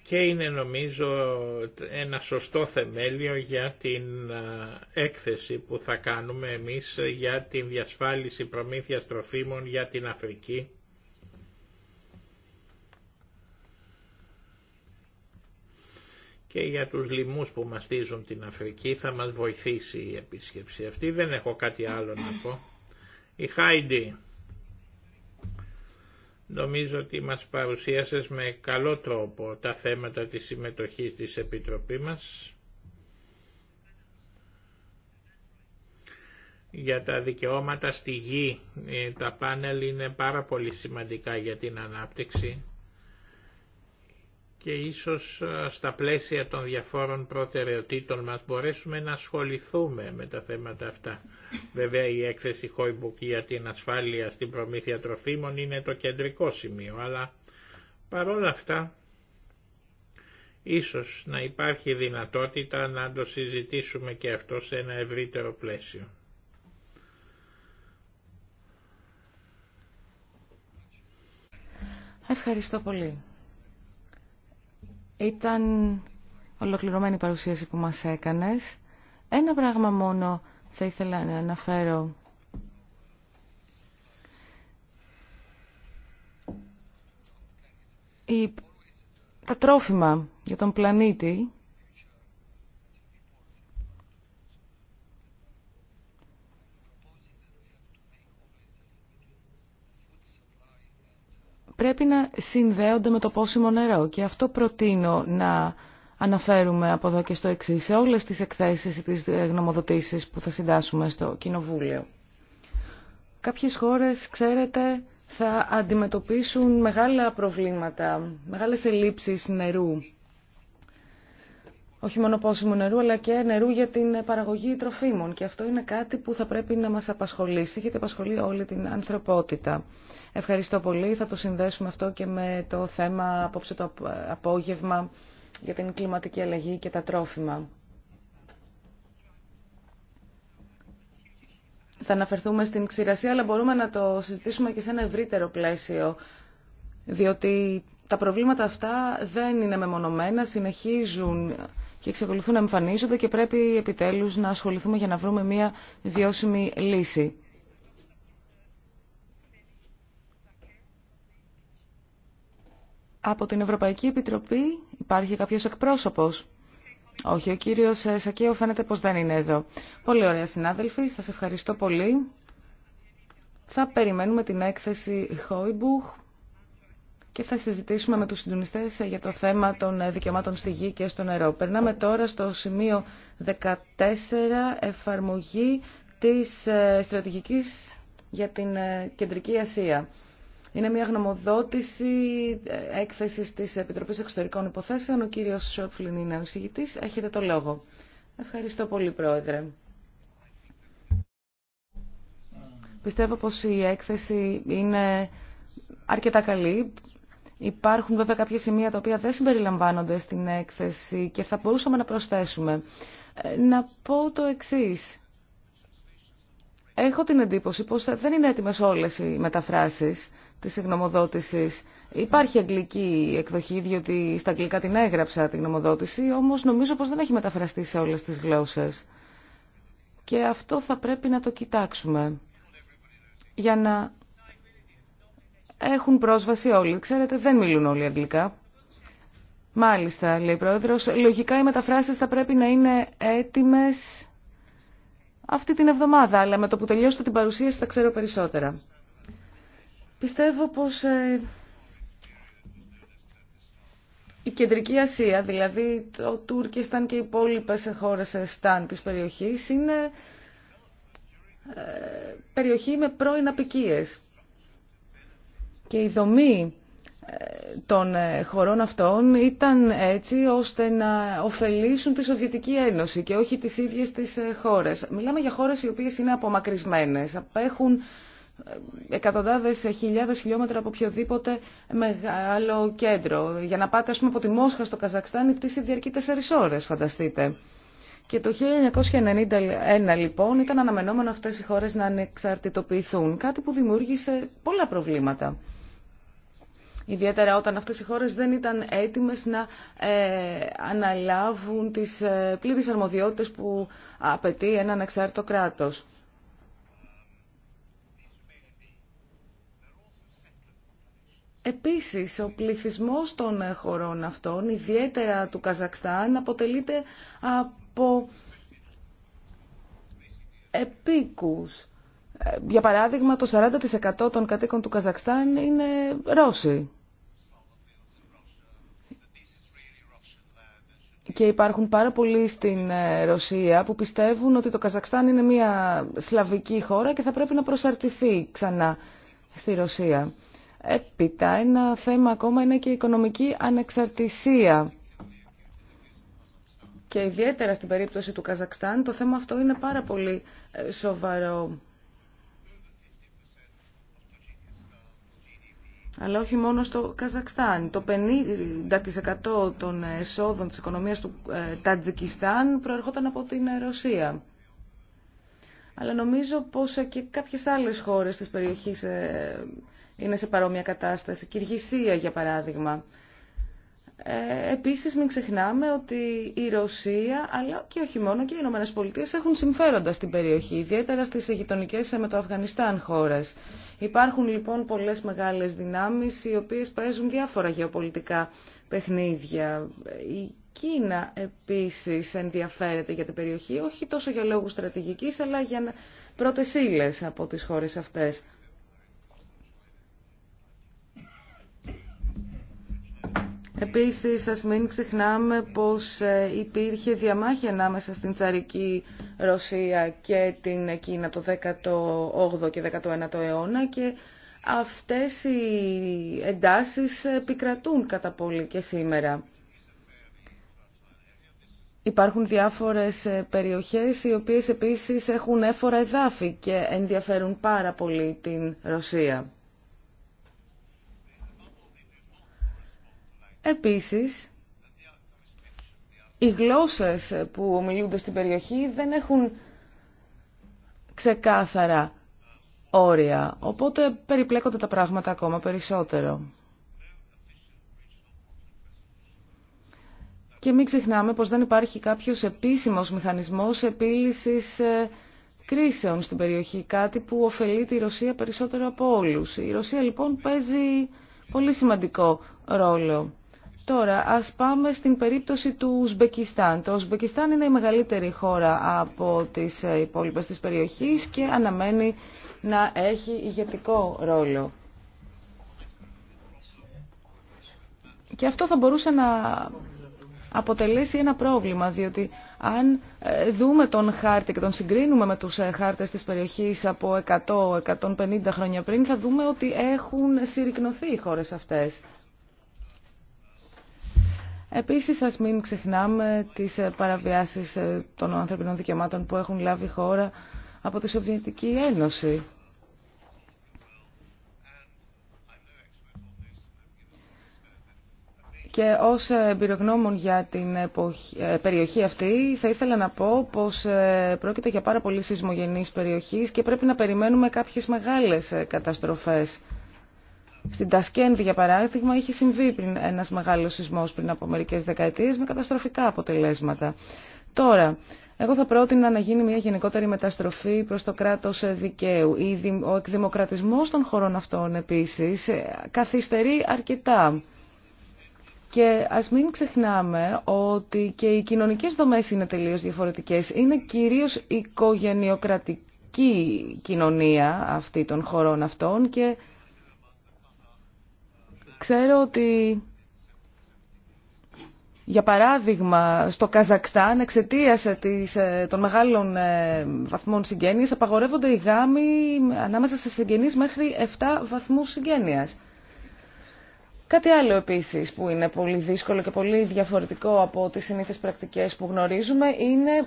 και είναι νομίζω ένα σωστό θεμέλιο για την έκθεση που θα κάνουμε εμείς για την διασφάλιση προμήθειας τροφίμων για την Αφρική και για τους λοιμούς που μαστίζουν την Αφρική θα μας βοηθήσει η επίσκεψη αυτή. Δεν έχω κάτι άλλο να πω. Η Χάιντι νομίζω ότι μας παρουσίασες με καλό τρόπο τα θέματα της συμμετοχής της Επιτροπής μας. για τα δικαιώματα στη γη. Ε, τα πάνελ είναι πάρα πολύ σημαντικά για την ανάπτυξη και ίσως στα πλαίσια των διαφόρων προτεραιοτήτων μας μπορέσουμε να ασχοληθούμε με τα θέματα αυτά. Βέβαια η έκθεση Χόιμπουκ για την ασφάλεια στην προμήθεια τροφίμων είναι το κεντρικό σημείο, αλλά παρόλα αυτά ίσως να υπάρχει δυνατότητα να το συζητήσουμε και αυτό σε ένα ευρύτερο πλαίσιο. Ευχαριστώ πολύ. Ήταν ολοκληρωμένη η παρουσίαση που μας έκανες. Ένα πράγμα μόνο θα ήθελα να αναφέρω. Τα τρόφιμα για τον πλανήτη πρέπει να συνδέονται με το πόσιμο νερό και αυτό προτείνω να αναφέρουμε από εδώ και στο εξή σε όλες τις εκθέσεις ή τις γνωμοδοτήσεις που θα συντάσσουμε στο Κοινοβούλιο. Κάποιες χώρες, ξέρετε, θα αντιμετωπίσουν μεγάλα προβλήματα, μεγάλες ελλείψεις νερού όχι μόνο πόσιμου νερού, αλλά και νερού για την παραγωγή τροφίμων. Και αυτό είναι κάτι που θα πρέπει να μας απασχολήσει, γιατί απασχολεί όλη την ανθρωπότητα. Ευχαριστώ πολύ. Θα το συνδέσουμε αυτό και με το θέμα απόψε το απόγευμα για την κλιματική αλλαγή και τα τρόφιμα. Θα αναφερθούμε στην ξηρασία, αλλά μπορούμε να το συζητήσουμε και σε ένα ευρύτερο πλαίσιο, διότι τα προβλήματα αυτά δεν είναι μεμονωμένα, συνεχίζουν και εξακολουθούν να εμφανίζονται και πρέπει επιτέλους να ασχοληθούμε για να βρούμε μια βιώσιμη λύση. Από την Ευρωπαϊκή Επιτροπή υπάρχει κάποιος εκπρόσωπος. Όχι, ο κύριος ε, Σακέο φαίνεται πως δεν είναι εδώ. Πολύ ωραία συνάδελφοι, σας ευχαριστώ πολύ. Θα περιμένουμε την έκθεση Χόιμπουχ και θα συζητήσουμε με τους συντονιστές για το θέμα των δικαιωμάτων στη γη και στο νερό. Περνάμε τώρα στο σημείο 14, εφαρμογή της ε, στρατηγικής για την ε, Κεντρική Ασία. Είναι μια γνωμοδότηση ε, έκθεση τη Επιτροπή Εξωτερικών Υποθέσεων. Ο κύριο Σόπφλιν είναι ο εισηγητή. Έχετε το λόγο. Ευχαριστώ πολύ, Πρόεδρε. Πιστεύω πως η έκθεση είναι αρκετά καλή. Υπάρχουν βέβαια κάποια σημεία τα οποία δεν συμπεριλαμβάνονται στην έκθεση και θα μπορούσαμε να προσθέσουμε. Ε, να πω το εξής. Έχω την εντύπωση πως δεν είναι έτοιμες όλες οι μεταφράσεις της γνωμοδότησης. Υπάρχει αγγλική εκδοχή, διότι στα αγγλικά την έγραψα την γνωμοδότηση, όμως νομίζω πως δεν έχει μεταφραστεί σε όλες τις γλώσσες. Και αυτό θα πρέπει να το κοιτάξουμε για να έχουν πρόσβαση όλοι. Ξέρετε, δεν μιλούν όλοι αγγλικά. Μάλιστα, λέει η Πρόεδρος, λογικά οι μεταφράσει θα πρέπει να είναι έτοιμες αυτή την εβδομάδα, αλλά με το που τελειώσετε την παρουσίαση θα ξέρω περισσότερα. Πιστεύω πως ε, η Κεντρική Ασία, δηλαδή το Τούρκισταν και οι υπόλοιπες χώρε ε, στάν της περιοχής, είναι ε, περιοχή με πρώην απικίες και η δομή ε, των ε, χωρών αυτών ήταν έτσι ώστε να ωφελήσουν τη Σοβιετική Ένωση και όχι τις ίδιες τις ε, χώρες. Μιλάμε για χώρες οι οποίες είναι απομακρυσμένες, απέχουν εκατοντάδες χιλιάδες χιλιόμετρα από οποιοδήποτε μεγάλο κέντρο. Για να πάτε ας πούμε από τη Μόσχα στο Καζακστάν η πτήση διαρκεί 4 ώρες φανταστείτε. Και το 1991 λοιπόν ήταν αναμενόμενο αυτές οι χώρες να ανεξαρτητοποιηθούν, κάτι που δημιούργησε πολλά προβλήματα. Ιδιαίτερα όταν αυτές οι χώρες δεν ήταν έτοιμες να ε, αναλάβουν τις ε, πλήρες αρμοδιότητες που απαιτεί ένα ανεξάρτητο κράτος. Επίσης, ο πληθυσμός των ε, χωρών αυτών, ιδιαίτερα του Καζακστάν, αποτελείται από επίκους. Για παράδειγμα, το 40% των κατοίκων του Καζακστάν είναι Ρώσοι. και υπάρχουν πάρα πολλοί στην ε, Ρωσία που πιστεύουν ότι το Καζακστάν είναι μια σλαβική χώρα και θα πρέπει να προσαρτηθεί ξανά στη Ρωσία. Έπειτα ένα θέμα ακόμα είναι και η οικονομική ανεξαρτησία. Και ιδιαίτερα στην περίπτωση του Καζακστάν το θέμα αυτό είναι πάρα πολύ ε, σοβαρό. αλλά όχι μόνο στο Καζακστάν. Το 50% των εσόδων της οικονομίας του ε, Τατζικιστάν προερχόταν από την ε, Ρωσία. Αλλά νομίζω πως ε, και κάποιες άλλες χώρες της περιοχής είναι σε παρόμοια κατάσταση. Κυργυσία, για παράδειγμα. Ε, επίσης μην ξεχνάμε ότι η Ρωσία αλλά και όχι μόνο και οι Ηνωμένες Πολιτείες έχουν συμφέροντα στην περιοχή, ιδιαίτερα στις γειτονικέ ε, με το Αφγανιστάν χώρες. Υπάρχουν λοιπόν πολλές μεγάλες δυνάμεις οι οποίες παίζουν διάφορα γεωπολιτικά παιχνίδια. Η Κίνα επίσης ενδιαφέρεται για την περιοχή, όχι τόσο για λόγους στρατηγικής αλλά για πρώτες ύλες από τις χώρες αυτές. Επίσης, ας μην ξεχνάμε πως ε, υπήρχε διαμάχη ανάμεσα στην τσαρική Ρωσία και την εκείνα το 18ο και 19ο αιώνα και αυτές οι εντάσεις επικρατούν κατά πολύ και σήμερα. Υπάρχουν διάφορες ε, περιοχές οι οποίες επίσης έχουν έφορα εδάφη και ενδιαφέρουν πάρα πολύ την Ρωσία. Επίσης, οι γλώσσες που ομιλούνται στην περιοχή δεν έχουν ξεκάθαρα όρια, οπότε περιπλέκονται τα πράγματα ακόμα περισσότερο. Και μην ξεχνάμε πως δεν υπάρχει κάποιος επίσημος μηχανισμός επίλυσης ε, κρίσεων στην περιοχή, κάτι που ωφελεί τη Ρωσία περισσότερο από όλους. Η Ρωσία λοιπόν παίζει πολύ σημαντικό ρόλο Τώρα, ας πάμε στην περίπτωση του Ουσμπεκιστάν. Το Ουσμπεκιστάν είναι η μεγαλύτερη χώρα από τις ε, υπόλοιπες της περιοχής και αναμένει να έχει ηγετικό ρόλο. Και αυτό θα μπορούσε να αποτελέσει ένα πρόβλημα, διότι αν ε, δούμε τον χάρτη και τον συγκρίνουμε με τους ε, χάρτες της περιοχής από 100-150 χρόνια πριν, θα δούμε ότι έχουν συρρυκνωθεί οι χώρες αυτές. Επίσης, ας μην ξεχνάμε τις παραβιάσεις ε, των ανθρωπινών δικαιωμάτων που έχουν λάβει χώρα από τη Σοβιετική Ένωση. Και ως ε, εμπειρογνώμων για την ε, περιοχή αυτή θα ήθελα να πω πως πρόκειται για πάρα πολύ σεισμογενής περιοχής και πρέπει να περιμένουμε κάποιες μεγάλες καταστροφές. Στην Τασκένδη, για παράδειγμα, είχε συμβεί πριν ένας μεγάλος σεισμός πριν από μερικές δεκαετίες με καταστροφικά αποτελέσματα. Τώρα, εγώ θα πρότεινα να γίνει μια γενικότερη μεταστροφή προς το κράτος δικαίου. Ο εκδημοκρατισμός των χωρών αυτών επίσης καθυστερεί αρκετά. Και ας μην ξεχνάμε ότι και οι κοινωνικές δομές είναι τελείως διαφορετικές. Είναι κυρίως οικογενειοκρατική κοινωνία αυτή των χωρών αυτών και Ξέρω ότι για παράδειγμα, στο Καζακστάν, εξαιτία ε, ε, των μεγάλων ε, βαθμών συγγένειας, απαγορεύονται οι γάμοι ανάμεσα σε συγγενείς μέχρι 7 βαθμούς συγγένειας. Κάτι άλλο επίσης που είναι πολύ δύσκολο και πολύ διαφορετικό από τις συνήθες πρακτικές που γνωρίζουμε είναι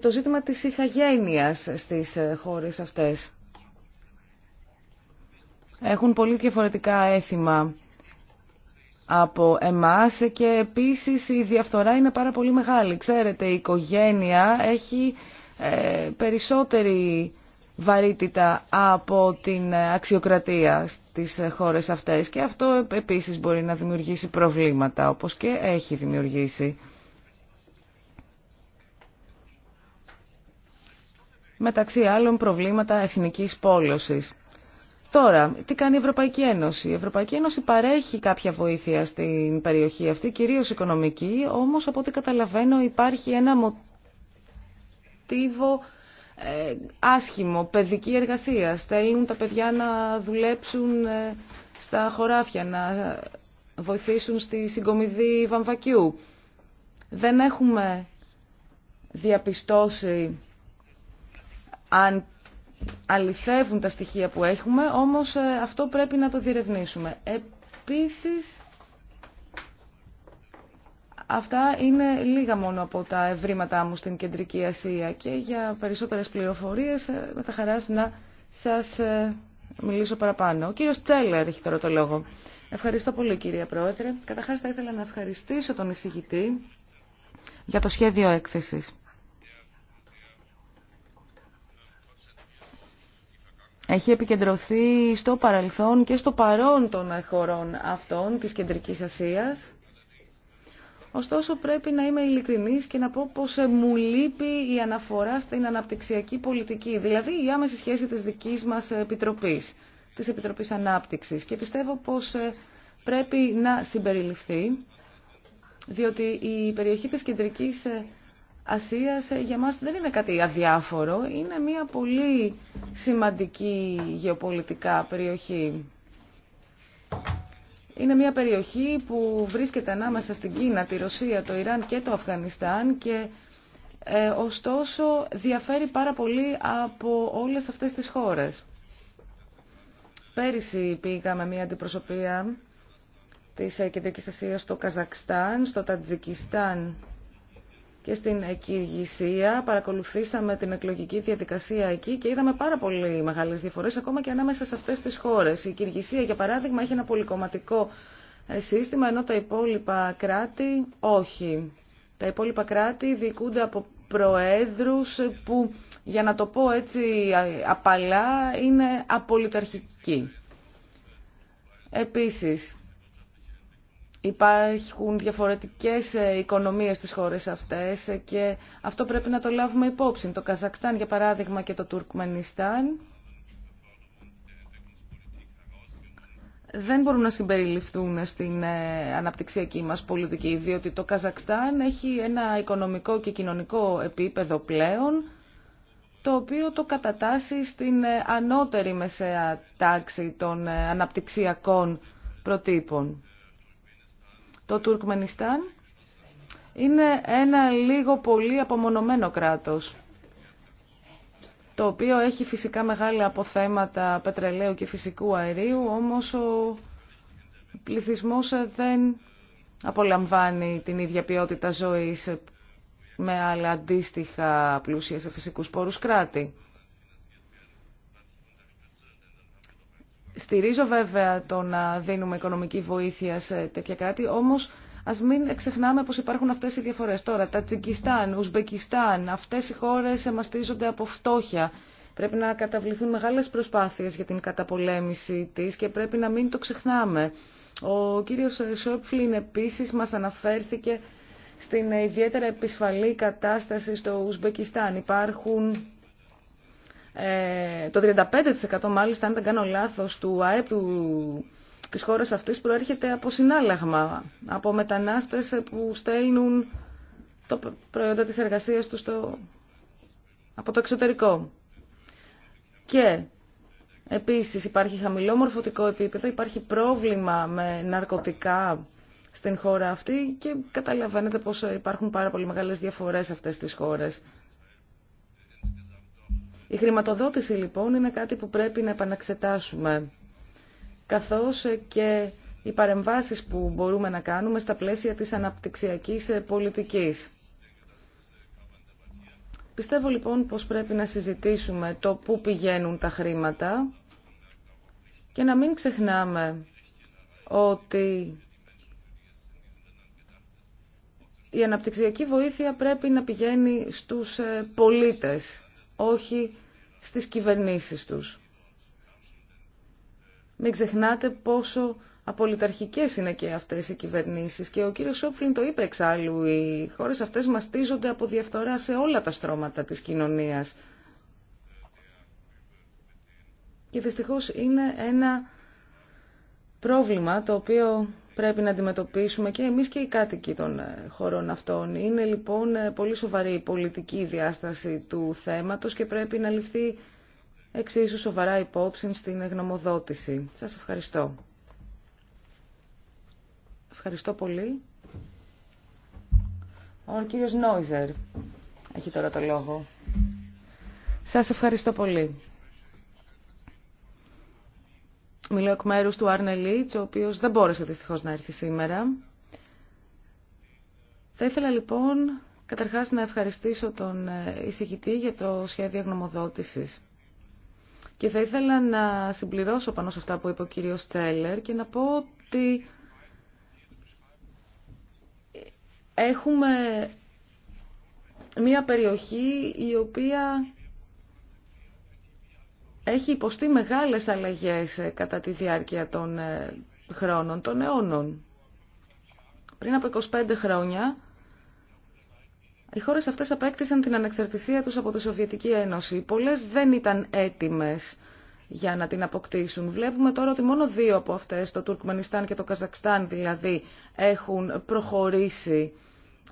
το ζήτημα της ηθαγένειας στις χώρες αυτές. Έχουν πολύ διαφορετικά έθιμα από εμάς και επίσης η διαφθορά είναι πάρα πολύ μεγάλη. Ξέρετε, η οικογένεια έχει ε, περισσότερη βαρύτητα από την αξιοκρατία στις χώρες αυτές και αυτό επίσης μπορεί να δημιουργήσει προβλήματα όπως και έχει δημιουργήσει. Μεταξύ άλλων προβλήματα εθνικής πόλωσης. Τώρα, τι κάνει η Ευρωπαϊκή Ένωση. Η Ευρωπαϊκή Ένωση παρέχει κάποια βοήθεια στην περιοχή αυτή, κυρίως οικονομική, όμως από ό,τι καταλαβαίνω υπάρχει ένα μοτίβο ε, άσχημο, παιδική εργασία. Στέλνουν τα παιδιά να δουλέψουν ε, στα χωράφια, να βοηθήσουν στη συγκομιδή βαμβακιού. Δεν έχουμε διαπιστώσει αν αληθεύουν τα στοιχεία που έχουμε, όμως ε, αυτό πρέπει να το διερευνήσουμε. Επίσης, αυτά είναι λίγα μόνο από τα ευρήματά μου στην Κεντρική Ασία και για περισσότερες πληροφορίες ε, με τα χαράς να σας ε, μιλήσω παραπάνω. Ο κύριος Τσέλερ έχει τώρα το λόγο. Ευχαριστώ πολύ κυρία Πρόεδρε. Καταρχάς θα ήθελα να ευχαριστήσω τον εισηγητή για το σχέδιο έκθεσης. έχει επικεντρωθεί στο παρελθόν και στο παρόν των χωρών αυτών της Κεντρικής Ασίας. Ωστόσο πρέπει να είμαι ειλικρινής και να πω πως μου λείπει η αναφορά στην αναπτυξιακή πολιτική, δηλαδή η άμεση σχέση της δικής μας Επιτροπής, της Επιτροπής Ανάπτυξης και πιστεύω πως ε, πρέπει να συμπεριληφθεί, διότι η περιοχή της Κεντρικής ε, Ασία ε, για μας δεν είναι κάτι αδιάφορο, είναι μια πολύ σημαντική γεωπολιτικά περιοχή. Είναι μια περιοχή που βρίσκεται ανάμεσα στην Κίνα, τη Ρωσία, το Ιράν και το Αφγανιστάν και ε, ωστόσο διαφέρει πάρα πολύ από όλες αυτές τις χώρες. Πέρυσι πήγαμε μια αντιπροσωπεία της ε, Κεντρικής Ασίας στο Καζακστάν, στο Τατζικιστάν και στην Κυργυσία. Παρακολουθήσαμε την εκλογική διαδικασία εκεί και είδαμε πάρα πολύ μεγάλες διαφορές ακόμα και ανάμεσα σε αυτές τις χώρε. Η Κυργησία για παράδειγμα, έχει ένα πολυκομματικό ε, σύστημα, ενώ τα υπόλοιπα κράτη όχι. Τα υπόλοιπα κράτη διοικούνται από προέδρους που, για να το πω έτσι απαλά, είναι απολυταρχικοί. Επίσης, Υπάρχουν διαφορετικές ε, οικονομίες στις χώρες αυτές ε, και αυτό πρέπει να το λάβουμε υπόψη. Το Καζακστάν, για παράδειγμα, και το Τουρκμενιστάν δεν μπορούν να συμπεριληφθούν στην ε, αναπτυξιακή μας πολιτική, διότι το Καζακστάν έχει ένα οικονομικό και κοινωνικό επίπεδο πλέον, το οποίο το κατατάσσει στην ανώτερη μεσαία τάξη των αναπτυξιακών προτύπων. Το Τουρκμενιστάν είναι ένα λίγο πολύ απομονωμένο κράτος, το οποίο έχει φυσικά μεγάλα αποθέματα πετρελαίου και φυσικού αερίου, όμως ο πληθυσμός δεν απολαμβάνει την ίδια ποιότητα ζωής με άλλα αντίστοιχα πλούσια σε φυσικούς πόρους κράτη. Στηρίζω βέβαια το να δίνουμε οικονομική βοήθεια σε τέτοια κράτη, όμως ας μην ξεχνάμε πως υπάρχουν αυτές οι διαφορέ Τώρα, τα Ουσμπεκιστάν, αυτές οι χώρες εμαστίζονται από φτώχεια. Πρέπει να καταβληθούν μεγάλες προσπάθειες για την καταπολέμηση της και πρέπει να μην το ξεχνάμε. Ο κύριος Σόπφλιν επίση μα αναφέρθηκε στην ιδιαίτερα επισφαλή κατάσταση στο Ουσμπεκιστάν. Υπάρχουν ε, το 35% μάλιστα, αν δεν κάνω λάθος, του ΑΕΠ του, της χώρας αυτής προέρχεται από συνάλλαγμα, από μετανάστες που στέλνουν το προϊόντα της εργασίας τους από το εξωτερικό. Και επίσης υπάρχει χαμηλό μορφωτικό επίπεδο, υπάρχει πρόβλημα με ναρκωτικά στην χώρα αυτή και καταλαβαίνετε πως υπάρχουν πάρα πολύ μεγάλες διαφορές αυτές τις χώρες. Η χρηματοδότηση λοιπόν είναι κάτι που πρέπει να επαναξετάσουμε, καθώς και οι παρεμβάσεις που μπορούμε να κάνουμε στα πλαίσια της αναπτυξιακής πολιτικής. Πιστεύω λοιπόν πως πρέπει να συζητήσουμε το πού πηγαίνουν τα χρήματα και να μην ξεχνάμε ότι η αναπτυξιακή βοήθεια πρέπει να πηγαίνει στους πολίτες όχι στις κυβερνήσεις τους. Μην ξεχνάτε πόσο απολυταρχικές είναι και αυτές οι κυβερνήσεις και ο κύριος Σόπφλιν το είπε εξάλλου, οι χώρες αυτές μαστίζονται από διαφθορά σε όλα τα στρώματα της κοινωνίας. Και δυστυχώς είναι ένα πρόβλημα το οποίο πρέπει να αντιμετωπίσουμε και εμείς και οι κάτοικοι των ε, χωρών αυτών. Είναι λοιπόν ε, πολύ σοβαρή η πολιτική διάσταση του θέματος και πρέπει να ληφθεί εξίσου σοβαρά υπόψη στην γνωμοδότηση. Σας ευχαριστώ. Ευχαριστώ πολύ. Ο κύριος Νόιζερ έχει τώρα το λόγο. Σας ευχαριστώ πολύ. Μιλώ εκ μέρους του Άρνε Λίτς, ο οποίος δεν μπόρεσε δυστυχώς να έρθει σήμερα. Θα ήθελα λοιπόν καταρχάς να ευχαριστήσω τον ε, εισηγητή για το σχέδιο γνωμοδότησης. Και θα ήθελα να συμπληρώσω πάνω σε αυτά που είπε ο κύριος Τσέλερ και να πω ότι έχουμε μία περιοχή η οποία έχει υποστεί μεγάλες αλλαγές ε, κατά τη διάρκεια των ε, χρόνων, των αιώνων. Πριν από 25 χρόνια, οι χώρες αυτές απέκτησαν την ανεξαρτησία τους από τη Σοβιετική Ένωση. Πολλές δεν ήταν έτοιμες για να την αποκτήσουν. Βλέπουμε τώρα ότι μόνο δύο από αυτές, το Τουρκμενιστάν και το Καζακστάν δηλαδή, έχουν προχωρήσει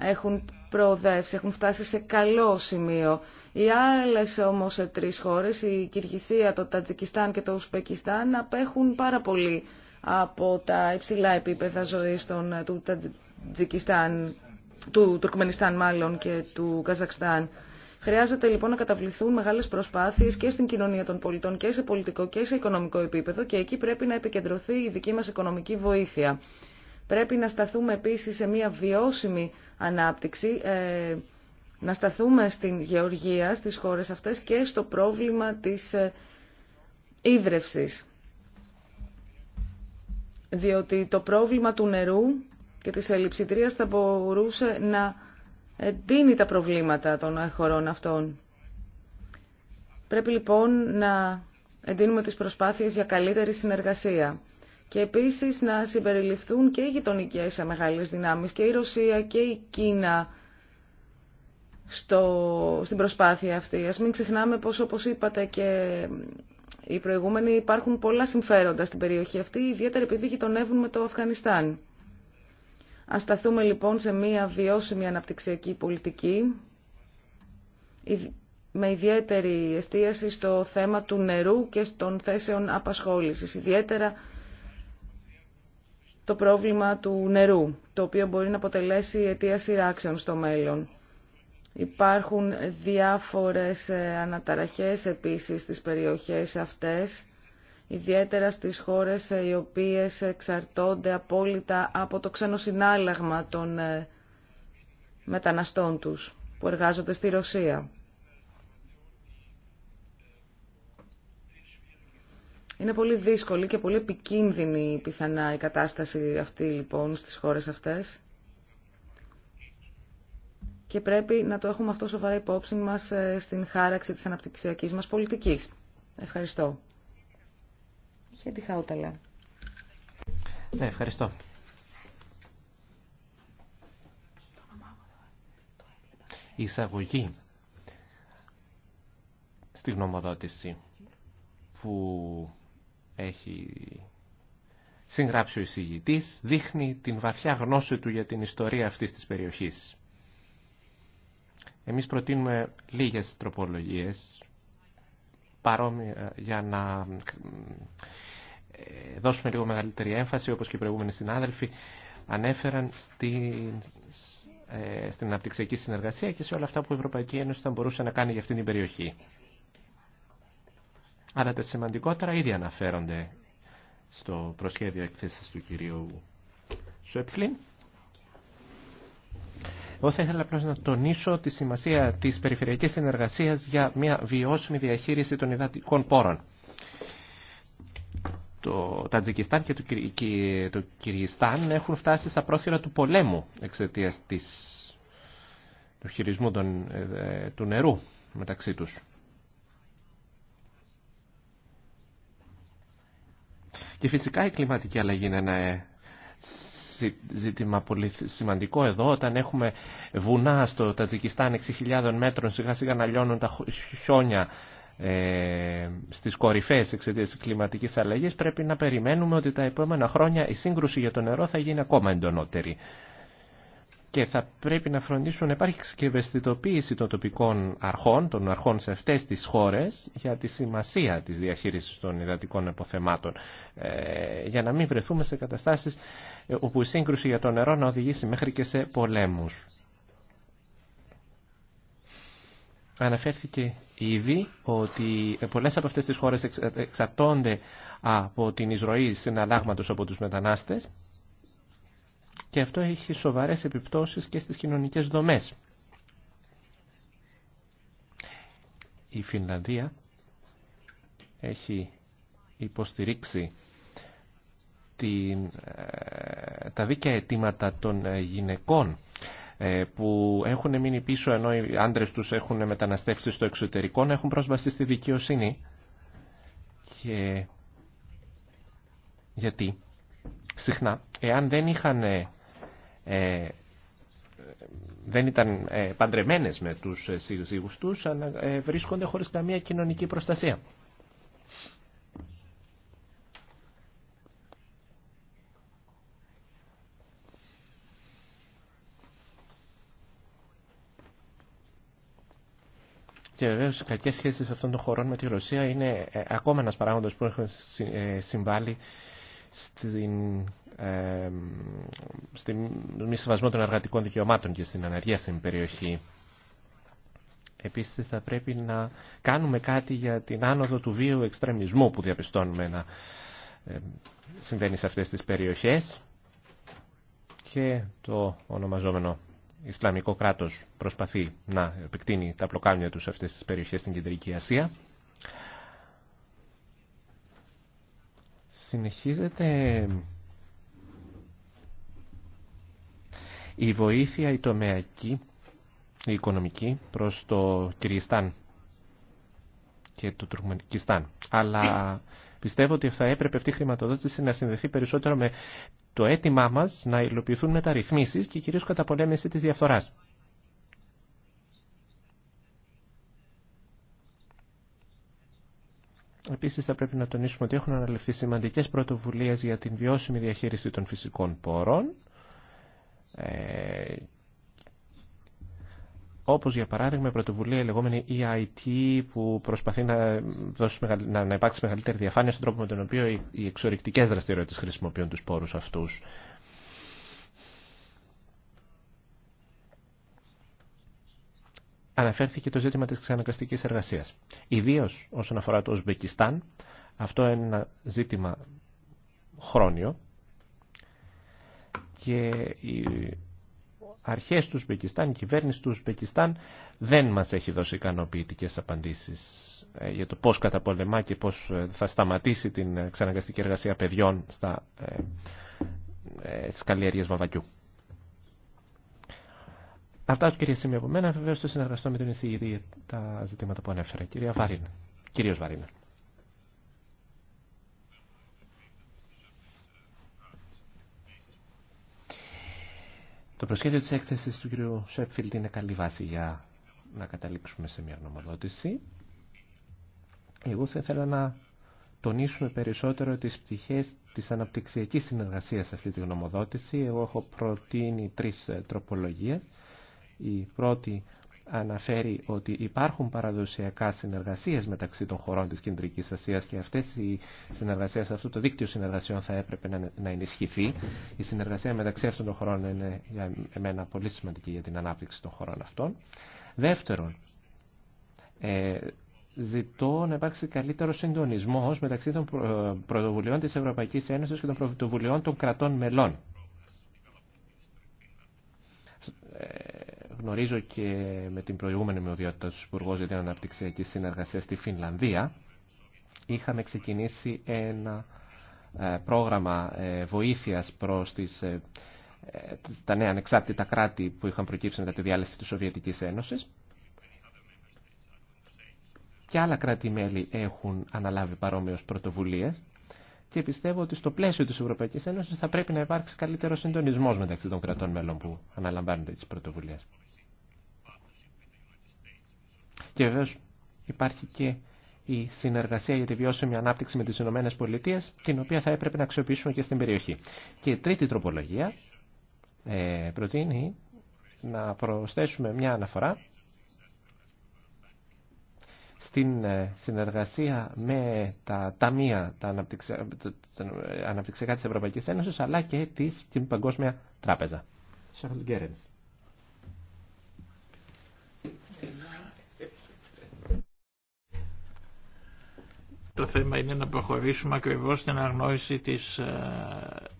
έχουν προοδεύσει, έχουν φτάσει σε καλό σημείο. Οι άλλες όμως τρεις χώρες, η Κυργυσία, το Τατζικιστάν και το Ουσπεκιστάν, απέχουν πάρα πολύ από τα υψηλά επίπεδα ζωής των, του Τατζικιστάν, του Τουρκμενιστάν μάλλον και του Καζακστάν. Χρειάζεται λοιπόν να καταβληθούν μεγάλε προσπάθειε και στην κοινωνία των πολιτών και σε πολιτικό και σε οικονομικό επίπεδο και εκεί πρέπει να επικεντρωθεί η δική μα οικονομική βοήθεια. Πρέπει να σταθούμε επίσης σε μια βιώσιμη ανάπτυξη, ε, να σταθούμε στην γεωργία, στις χώρες αυτές και στο πρόβλημα της ε, ίδρευσης. Διότι το πρόβλημα του νερού και της ελλειψητρίας θα μπορούσε να εντείνει τα προβλήματα των χωρών αυτών. Πρέπει λοιπόν να εντείνουμε τις προσπάθειες για καλύτερη συνεργασία και επίσης να συμπεριληφθούν και οι γειτονικέ μεγάλες δυνάμεις και η Ρωσία και η Κίνα στο, στην προσπάθεια αυτή. Ας μην ξεχνάμε πως όπως είπατε και οι προηγούμενοι υπάρχουν πολλά συμφέροντα στην περιοχή αυτή, ιδιαίτερα επειδή γειτονεύουν με το Αφγανιστάν. Ας σταθούμε λοιπόν σε μια βιώσιμη αναπτυξιακή πολιτική με ιδιαίτερη εστίαση στο θέμα του νερού και των θέσεων απασχόλησης, ιδιαίτερα το πρόβλημα του νερού, το οποίο μπορεί να αποτελέσει αιτία σειράξεων στο μέλλον. Υπάρχουν διάφορες ε, αναταραχές επίσης στις περιοχές αυτές, ιδιαίτερα στις χώρες ε, οι οποίες εξαρτώνται απόλυτα από το ξενοσυνάλλαγμα των ε, μεταναστών τους που εργάζονται στη Ρωσία. Είναι πολύ δύσκολη και πολύ επικίνδυνη πιθανά η κατάσταση αυτή λοιπόν στις χώρες αυτές. Και πρέπει να το έχουμε αυτό σοβαρά υπόψη μας ε, στην χάραξη της αναπτυξιακής μας πολιτικής. Ευχαριστώ. Ναι, ευχαριστώ. Η εισαγωγή στη γνωμοδότηση που έχει συγγράψει ο εισηγητής δείχνει την βαθιά γνώση του για την ιστορία αυτής της περιοχής. Εμείς προτείνουμε λίγες τροπολογίες παρόμοια για να ε, δώσουμε λίγο μεγαλύτερη έμφαση όπως και οι προηγούμενοι συνάδελφοι ανέφεραν στην, ε, στην αναπτυξιακή συνεργασία και σε όλα αυτά που η Ευρωπαϊκή Ένωση θα μπορούσε να κάνει για αυτήν την περιοχή αλλά τα σημαντικότερα ήδη αναφέρονται στο προσχέδιο εκθέσης του κυρίου Σουέπφλιν. Εγώ θα ήθελα απλώ να τονίσω τη σημασία της περιφερειακής συνεργασίας για μια βιώσιμη διαχείριση των υδατικών πόρων. Το Τατζικιστάν και το, Κυριστάν έχουν φτάσει στα πρόθυρα του πολέμου εξαιτία της... του χειρισμού των... Ε, ε, του νερού μεταξύ τους. Και φυσικά η κλιματική αλλαγή είναι ένα ε, ζήτημα πολύ σημαντικό εδώ όταν έχουμε βουνά στο Τατζικιστάν 6.000 μέτρων σιγά σιγά να λιώνουν τα χιόνια ε, στις κορυφές εξαιτίας της κλιματικής αλλαγής πρέπει να περιμένουμε ότι τα επόμενα χρόνια η σύγκρουση για το νερό θα γίνει ακόμα εντονότερη και θα πρέπει να φροντίσουν να υπάρχει και ευαισθητοποίηση των τοπικών αρχών, των αρχών σε αυτές τις χώρες, για τη σημασία της διαχείρισης των υδατικών αποθεμάτων, ε, για να μην βρεθούμε σε καταστάσεις ε, όπου η σύγκρουση για το νερό να οδηγήσει μέχρι και σε πολέμους. Αναφέρθηκε ήδη ότι ε, πολλές από αυτές τις χώρες εξαρτώνται από την εισρωή συναλλάγματος από τους μετανάστες και αυτό έχει σοβαρές επιπτώσεις και στις κοινωνικές δομές. Η Φινλανδία έχει υποστηρίξει την, ε, τα δίκαια αιτήματα των ε, γυναικών ε, που έχουν μείνει πίσω ενώ οι άντρες τους έχουν μεταναστεύσει στο εξωτερικό να έχουν πρόσβαση στη δικαιοσύνη. Και... Γιατί συχνά, εάν δεν είχαν ε, ε, δεν ήταν ε, παντρεμένες με τους ε, σύζυγους τους, ε, βρίσκονται χωρίς καμία κοινωνική προστασία. Και βεβαίω οι κακέ σχέσει αυτών των χωρών με τη Ρωσία είναι ε, ακόμα ένα παράγοντα που έχουν συμβάλει στην, ε, στην μη σεβασμό των εργατικών δικαιωμάτων και στην ανεργία στην περιοχή. Επίσης θα πρέπει να κάνουμε κάτι για την άνοδο του βίου εξτρεμισμού που διαπιστώνουμε να συμβαίνει σε αυτές τις περιοχές και το ονομαζόμενο Ισλαμικό κράτος προσπαθεί να επεκτείνει τα πλοκάμια του σε αυτές τις περιοχές στην Κεντρική Ασία. συνεχίζεται η βοήθεια η τομεακή, η οικονομική προς το Κυριστάν και το Τουρκμενικιστάν. Αλλά πιστεύω ότι θα έπρεπε αυτή η χρηματοδότηση να συνδεθεί περισσότερο με το αίτημά μας να υλοποιηθούν μεταρρυθμίσεις και κυρίως καταπολέμηση της διαφθοράς. Επίση θα πρέπει να τονίσουμε ότι έχουν αναλυφθεί σημαντικές πρωτοβουλίε για την βιώσιμη διαχείριση των φυσικών πόρων, ε, όπως για παράδειγμα η πρωτοβουλία η λεγόμενη EIT που προσπαθεί να, δώσει, να, υπάρξει μεγαλύτερη διαφάνεια στον τρόπο με τον οποίο οι, οι εξορρυκτικές δραστηριότητες χρησιμοποιούν τους πόρους αυτούς. αναφέρθηκε το ζήτημα της ξαναγκαστικής εργασίας. Ιδίως όσον αφορά το Ουσμπεκιστάν, αυτό είναι ένα ζήτημα χρόνιο και οι αρχές του Ουσμπεκιστάν, η κυβέρνηση του Ουσμπεκιστάν δεν μας έχει δώσει ικανοποιητικές απαντήσεις ε, για το πώς καταπολεμά και πώς ε, θα σταματήσει την ε, ξαναγκαστική εργασία παιδιών στα, ε, στις βαβακιού. Αυτά κυρίε σημεία από μένα. Βεβαίω το συνεργαστώ με τον εισηγητή για τα ζητήματα που ανέφερα. Κυρία Βαρίνα. Κυρίω Βαρίνα. Το προσχέδιο της έκθεσης του κ. Σέφιλτ είναι καλή βάση για να καταλήξουμε σε μια γνωμοδότηση. Εγώ θα ήθελα να τονίσουμε περισσότερο τις πτυχές της αναπτυξιακής συνεργασίας σε αυτή τη γνωμοδότηση. Εγώ έχω προτείνει τρεις ε, τροπολογίες. Η πρώτη αναφέρει ότι υπάρχουν παραδοσιακά συνεργασίες μεταξύ των χωρών της Κεντρικής Ασίας και αυτές οι συνεργασίες, αυτό το δίκτυο συνεργασιών θα έπρεπε να, ενισχυθεί. Η συνεργασία μεταξύ αυτών των χωρών είναι για εμένα πολύ σημαντική για την ανάπτυξη των χωρών αυτών. Δεύτερον, ε, ζητώ να υπάρξει καλύτερο συντονισμό μεταξύ των πρωτοβουλειών της Ευρωπαϊκής Ένωσης και των πρωτοβουλειών των κρατών μελών ε, Γνωρίζω και με την προηγούμενη με οδιότητα του Υπουργού για την Αναπτυξιακή Συνεργασία στη Φινλανδία. Είχαμε ξεκινήσει ένα ε, πρόγραμμα ε, βοήθειας προς τις, ε, τα νέα ανεξάρτητα κράτη που είχαν προκύψει μετά τη διάλυση της Σοβιετικής Ένωσης. Και άλλα κράτη-μέλη έχουν αναλάβει παρόμοιες πρωτοβουλίες και πιστεύω ότι στο πλαίσιο της Ευρωπαϊκής Ένωσης θα πρέπει να υπάρξει καλύτερο συντονισμός μεταξύ των κρατών μέλων που αναλαμβάνονται τις πρωτοβουλίες. Και βεβαίω υπάρχει και η συνεργασία για τη βιώσιμη ανάπτυξη με τις ΗΠΑ, την οποία θα έπρεπε να αξιοποιήσουμε και στην περιοχή. Και η τρίτη τροπολογία ε, προτείνει να προσθέσουμε μια αναφορά στην ε, συνεργασία με τα ταμεία τα αναπτυξιακά της Ευρωπαϊκής Ένωσης αλλά και της, την Παγκόσμια Τράπεζα. Το θέμα είναι να προχωρήσουμε ακριβώς στην αγνόηση της ε,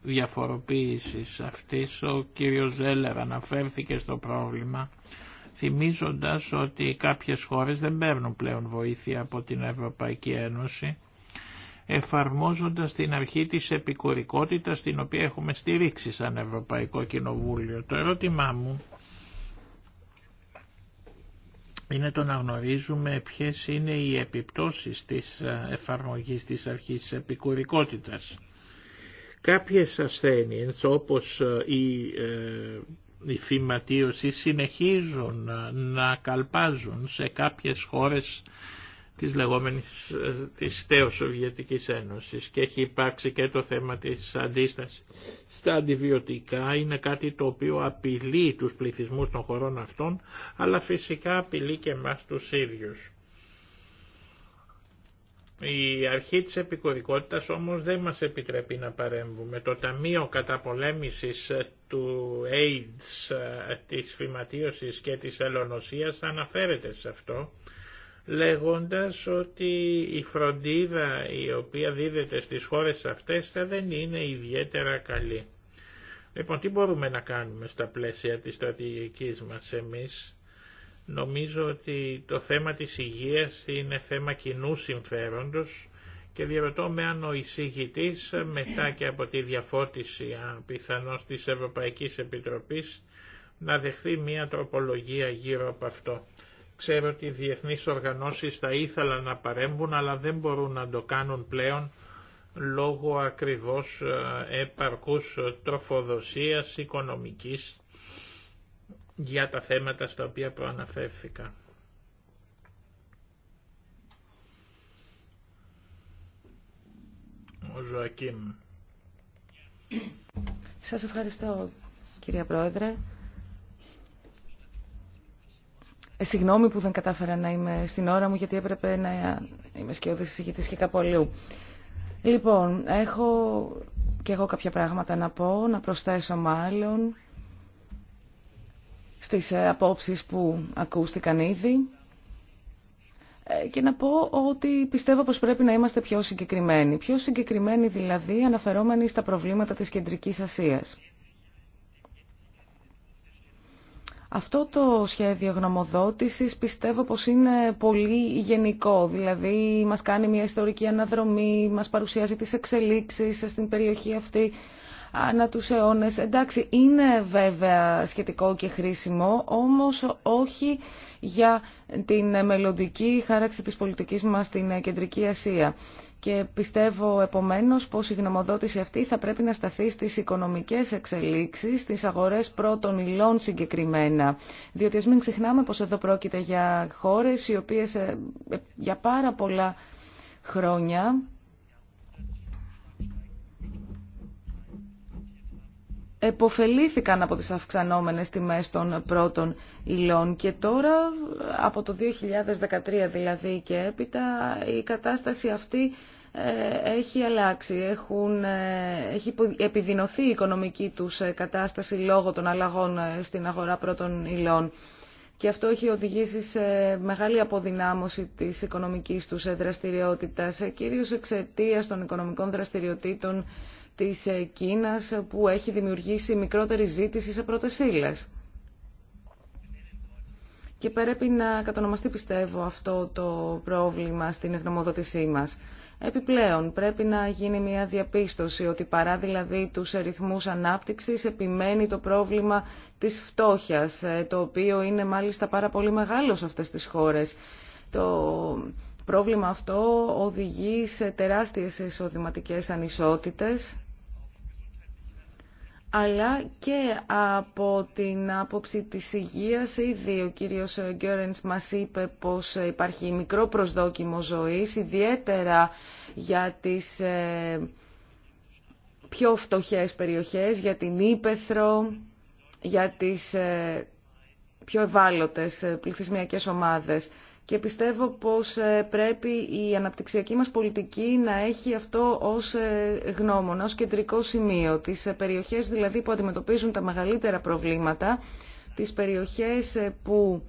διαφοροποίησης αυτής. Ο κύριος Ζέλερ αναφέρθηκε στο πρόβλημα θυμίζοντας ότι κάποιες χώρες δεν παίρνουν πλέον βοήθεια από την Ευρωπαϊκή Ένωση εφαρμόζοντας την αρχή της επικουρικότητας την οποία έχουμε στηρίξει σαν Ευρωπαϊκό Κοινοβούλιο. Το ερώτημά μου είναι το να γνωρίζουμε ποιες είναι οι επιπτώσεις της ε, εφαρμογής της αρχής επικουρικότητας. Κάποιες ασθένειες όπως ε, η, ε, η φυματίωση συνεχίζουν ε, να καλπάζουν σε κάποιες χώρες της λεγόμενης της τέος Σοβιετικής Ένωσης και έχει υπάρξει και το θέμα της αντίστασης στα αντιβιωτικά είναι κάτι το οποίο απειλεί τους πληθυσμούς των χωρών αυτών αλλά φυσικά απειλεί και εμάς τους ίδιους. Η αρχή της επικουρικότητας όμως δεν μας επιτρέπει να παρέμβουμε. Το Ταμείο Καταπολέμησης του AIDS, της φυματίωσης και της ελονοσίας αναφέρεται σε αυτό λέγοντας ότι η φροντίδα η οποία δίδεται στις χώρες αυτές θα δεν είναι ιδιαίτερα καλή. Λοιπόν, τι μπορούμε να κάνουμε στα πλαίσια της στρατηγικής μας εμείς. Νομίζω ότι το θέμα της υγείας είναι θέμα κοινού συμφέροντος και διαρωτώ με αν ο εισηγητής μετά και από τη διαφώτιση πιθανώς της Ευρωπαϊκής Επιτροπής να δεχθεί μια τροπολογία γύρω από αυτό. Ξέρω ότι οι διεθνείς οργανώσεις θα ήθελαν να παρέμβουν αλλά δεν μπορούν να το κάνουν πλέον λόγω ακριβώς ε, επαρκούς τροφοδοσίας οικονομικής για τα θέματα στα οποία προαναφέρθηκα. Ο Σας ευχαριστώ κυρία Πρόεδρε. Ε, συγγνώμη που δεν κατάφερα να είμαι στην ώρα μου γιατί έπρεπε να είμαι σκιώδης εισηγητής και κάπου αλλού. Λοιπόν, έχω και εγώ κάποια πράγματα να πω, να προσθέσω μάλλον στις ε, απόψεις που ακούστηκαν ήδη ε, και να πω ότι πιστεύω πως πρέπει να είμαστε πιο συγκεκριμένοι. Πιο συγκεκριμένοι δηλαδή αναφερόμενοι στα προβλήματα της Κεντρικής Ασίας. Αυτό το σχέδιο γνωμοδότησης πιστεύω πως είναι πολύ γενικό, δηλαδή μας κάνει μια ιστορική αναδρομή, μας παρουσιάζει τις εξελίξεις στην περιοχή αυτή ανά τους αιώνες. Εντάξει, είναι βέβαια σχετικό και χρήσιμο, όμως όχι για την μελλοντική χάραξη της πολιτικής μας στην Κεντρική Ασία και πιστεύω επομένως πως η γνωμοδότηση αυτή θα πρέπει να σταθεί στις οικονομικές εξελίξεις, στις αγορές πρώτων υλών συγκεκριμένα. Διότι ας μην ξεχνάμε πως εδώ πρόκειται για χώρες οι οποίες ε, ε, για πάρα πολλά χρόνια εποφελήθηκαν από τις αυξανόμενες τιμές των πρώτων υλών και τώρα από το 2013 δηλαδή και έπειτα η κατάσταση αυτή ε, έχει αλλάξει, έχουν, ε, έχει επιδεινωθεί η οικονομική τους ε, κατάσταση λόγω των αλλαγών στην αγορά πρώτων υλών και αυτό έχει οδηγήσει σε μεγάλη αποδυνάμωση της οικονομικής τους δραστηριότητας, κυρίως εξαιτία των οικονομικών δραστηριοτήτων της ε, Κίνας που έχει δημιουργήσει μικρότερη ζήτηση σε πρώτες Και πρέπει να κατονομαστεί πιστεύω αυτό το πρόβλημα στην γνωμοδότησή μας. Επιπλέον, πρέπει να γίνει μια διαπίστωση ότι παρά δηλαδή τους ρυθμούς ανάπτυξης επιμένει το πρόβλημα της φτώχειας, ε, το οποίο είναι μάλιστα πάρα πολύ μεγάλο σε αυτές τις χώρες. Το πρόβλημα αυτό οδηγεί σε τεράστιες εισοδηματικές ανισότητες αλλά και από την άποψη της υγείας. Ήδη ο κύριος Γκέρενς μας είπε πως υπάρχει μικρό προσδόκιμο ζωής, ιδιαίτερα για τις ε, πιο φτωχές περιοχές, για την Ήπεθρο, για τις ε, πιο ευάλωτες ε, πληθυσμιακές ομάδες και πιστεύω πως ε, πρέπει η αναπτυξιακή μας πολιτική να έχει αυτό ως ε, γνώμονα, ως κεντρικό σημείο. Τις ε, περιοχές δηλαδή που αντιμετωπίζουν τα μεγαλύτερα προβλήματα, τις περιοχές που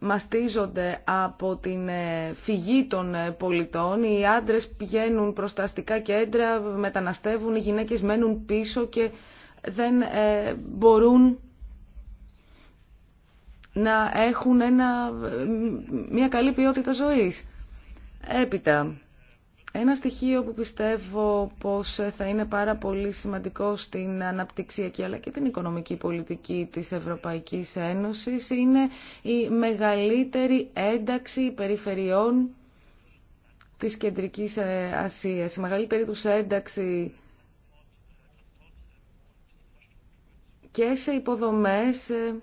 μαστίζονται από την φυγή των πολιτών. Οι άντρες πηγαίνουν προς τα αστικά κέντρα, μεταναστεύουν, οι γυναίκες μένουν πίσω και δεν μπορούν να έχουν ένα, μια καλή ποιότητα ζωής. Έπειτα, ένα στοιχείο που πιστεύω πως θα είναι πάρα πολύ σημαντικό στην αναπτυξιακή αλλά και την οικονομική πολιτική της Ευρωπαϊκής Ένωσης είναι η μεγαλύτερη ένταξη περιφερειών της Κεντρικής ε, Ασίας. Η μεγαλύτερη τους ένταξη και σε υποδομές ε,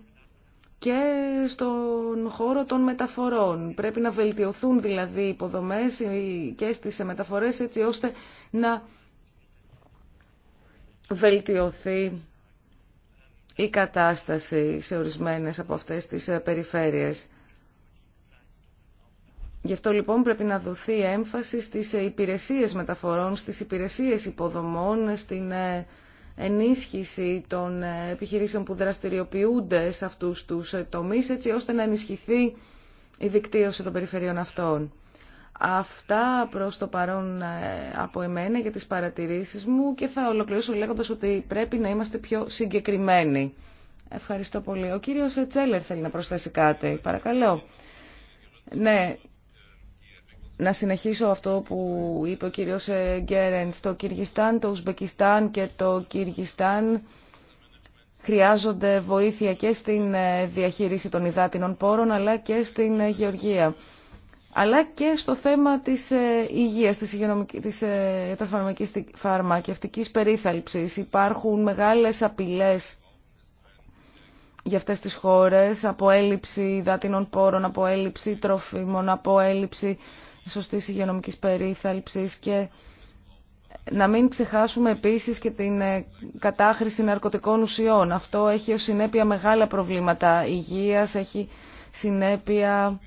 και στον χώρο των μεταφορών. Πρέπει να βελτιωθούν δηλαδή οι υποδομές και στις μεταφορές έτσι ώστε να βελτιωθεί η κατάσταση σε ορισμένες από αυτές τις ε, περιφέρειες. Γι' αυτό λοιπόν πρέπει να δοθεί έμφαση στις ε, υπηρεσίες μεταφορών, στις υπηρεσίες υποδομών, στην ε, ενίσχυση των ε, επιχειρήσεων που δραστηριοποιούνται σε αυτούς τους ε, τομείς, έτσι ώστε να ενισχυθεί η δικτύωση των περιφερειών αυτών. Αυτά προς το παρόν ε, από εμένα για τις παρατηρήσεις μου και θα ολοκληρώσω λέγοντας ότι πρέπει να είμαστε πιο συγκεκριμένοι. Ευχαριστώ πολύ. Ο κύριος Τσέλερ θέλει να προσθέσει κάτι. Παρακαλώ. Ναι, να συνεχίσω αυτό που είπε ο κύριος ε, Γκέρεν. Στο Κυργιστάν, το Ουσμπεκιστάν και το Κυργιστάν χρειάζονται βοήθεια και στην ε, διαχείριση των υδάτινων πόρων αλλά και στην ε, γεωργία. Αλλά και στο θέμα της υγείας, της, της φαρμακευτικής περίθαλψης. Υπάρχουν μεγάλες απειλές για αυτές τις χώρες από έλλειψη υδάτινων πόρων, από έλλειψη τροφίμων, από έλλειψη σωστής υγειονομικής περίθαλψης και να μην ξεχάσουμε επίσης και την ε, κατάχρηση ναρκωτικών ουσιών. Αυτό έχει ως συνέπεια μεγάλα προβλήματα υγείας, έχει συνέπεια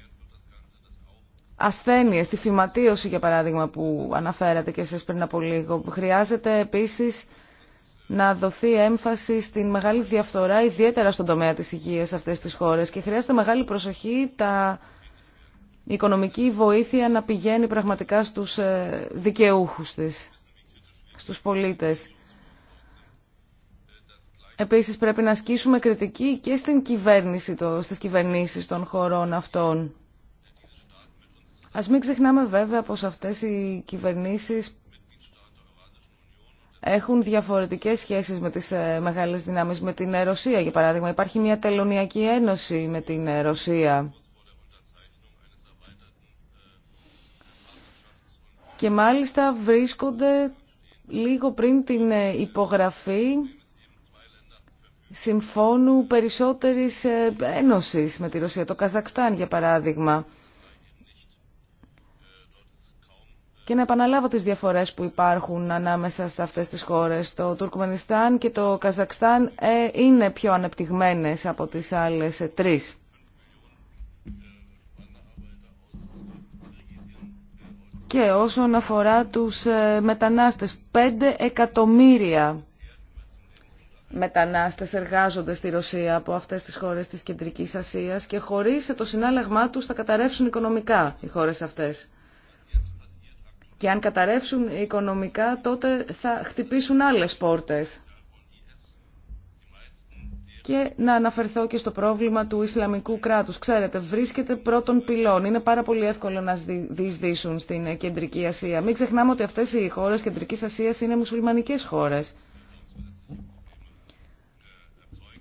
ασθένειες, τη φυματίωση για παράδειγμα που αναφέρατε και εσείς πριν από λίγο. Χρειάζεται επίσης να δοθεί έμφαση στην μεγάλη διαφθορά, ιδιαίτερα στον τομέα της υγείας αυτές τις χώρες και χρειάζεται μεγάλη προσοχή τα η οικονομική βοήθεια να πηγαίνει πραγματικά στους ε, δικαιούχους της, στους πολίτες. Επίσης πρέπει να ασκήσουμε κριτική και στην κυβέρνηση, στις κυβερνήσεις των χωρών αυτών. Ας μην ξεχνάμε βέβαια πως αυτές οι κυβερνήσεις έχουν διαφορετικές σχέσεις με τις ε, μεγάλες δυνάμεις, με την Ρωσία για παράδειγμα. Υπάρχει μια τελωνιακή ένωση με την ε, Ρωσία. και μάλιστα βρίσκονται λίγο πριν την ε, υπογραφή συμφώνου περισσότερης ε, ένωσης με τη Ρωσία, το Καζακστάν για παράδειγμα. Και να επαναλάβω τις διαφορές που υπάρχουν ανάμεσα σε αυτές τις χώρες. Το Τουρκμενιστάν και το Καζακστάν ε, είναι πιο ανεπτυγμένες από τις άλλες τρεις. Και όσον αφορά τους ε, μετανάστες, 5 εκατομμύρια μετανάστες εργάζονται στη Ρωσία από αυτές τις χώρες της Κεντρικής Ασίας και χωρίς το συνάλλαγμά τους θα καταρρεύσουν οικονομικά οι χώρες αυτές. Και αν καταρρεύσουν οικονομικά τότε θα χτυπήσουν άλλες πόρτες και να αναφερθώ και στο πρόβλημα του Ισλαμικού κράτους. Ξέρετε, βρίσκεται πρώτον πυλών. Είναι πάρα πολύ εύκολο να διεισδύσουν στην Κεντρική Ασία. Μην ξεχνάμε ότι αυτές οι χώρες Κεντρικής Ασίας είναι μουσουλμανικές χώρες.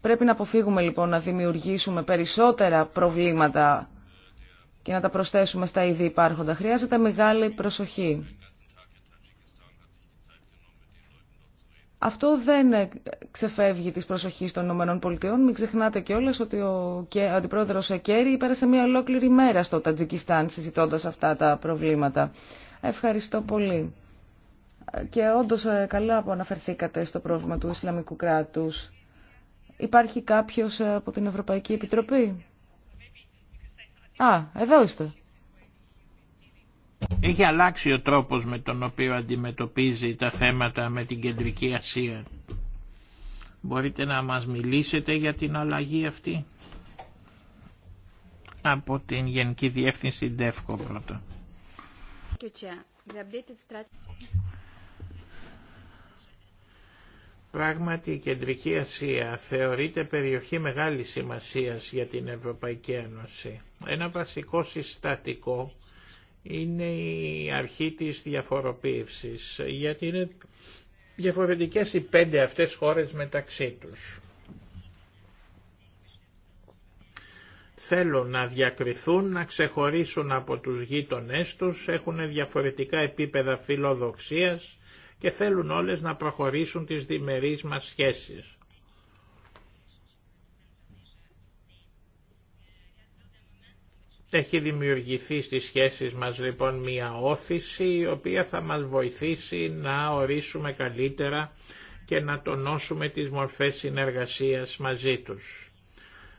Πρέπει να αποφύγουμε λοιπόν να δημιουργήσουμε περισσότερα προβλήματα και να τα προσθέσουμε στα ήδη υπάρχοντα. Χρειάζεται μεγάλη προσοχή. Αυτό δεν ξεφεύγει της προσοχής των Πολιτειών. Μην ξεχνάτε κιόλας ότι ο, και, ο αντιπρόεδρος Κέρι πέρασε μια ολόκληρη μέρα στο Τατζικιστάν συζητώντας αυτά τα προβλήματα. Ευχαριστώ πολύ. Και όντως ε, καλά που αναφερθήκατε στο πρόβλημα του Ισλαμικού κράτους. Υπάρχει κάποιος ε, από την Ευρωπαϊκή Επιτροπή. Α, εδώ είστε. Έχει αλλάξει ο τρόπος με τον οποίο αντιμετωπίζει τα θέματα με την Κεντρική Ασία. Μπορείτε να μας μιλήσετε για την αλλαγή αυτή από την Γενική Διεύθυνση ΔΕΦΚΟ πρώτα. Πράγματι η Κεντρική Ασία θεωρείται περιοχή μεγάλης σημασίας για την Ευρωπαϊκή Ένωση. Ένα βασικό συστατικό είναι η αρχή της διαφοροποίησης, γιατί είναι διαφορετικές οι πέντε αυτές χώρες μεταξύ τους. Θέλουν να διακριθούν, να ξεχωρίσουν από τους γείτονές τους, έχουν διαφορετικά επίπεδα φιλοδοξίας και θέλουν όλες να προχωρήσουν τις διμερείς μας σχέσεις. Έχει δημιουργηθεί στις σχέσεις μας λοιπόν μία όθηση η οποία θα μας βοηθήσει να ορίσουμε καλύτερα και να τονώσουμε τις μορφές συνεργασίας μαζί τους.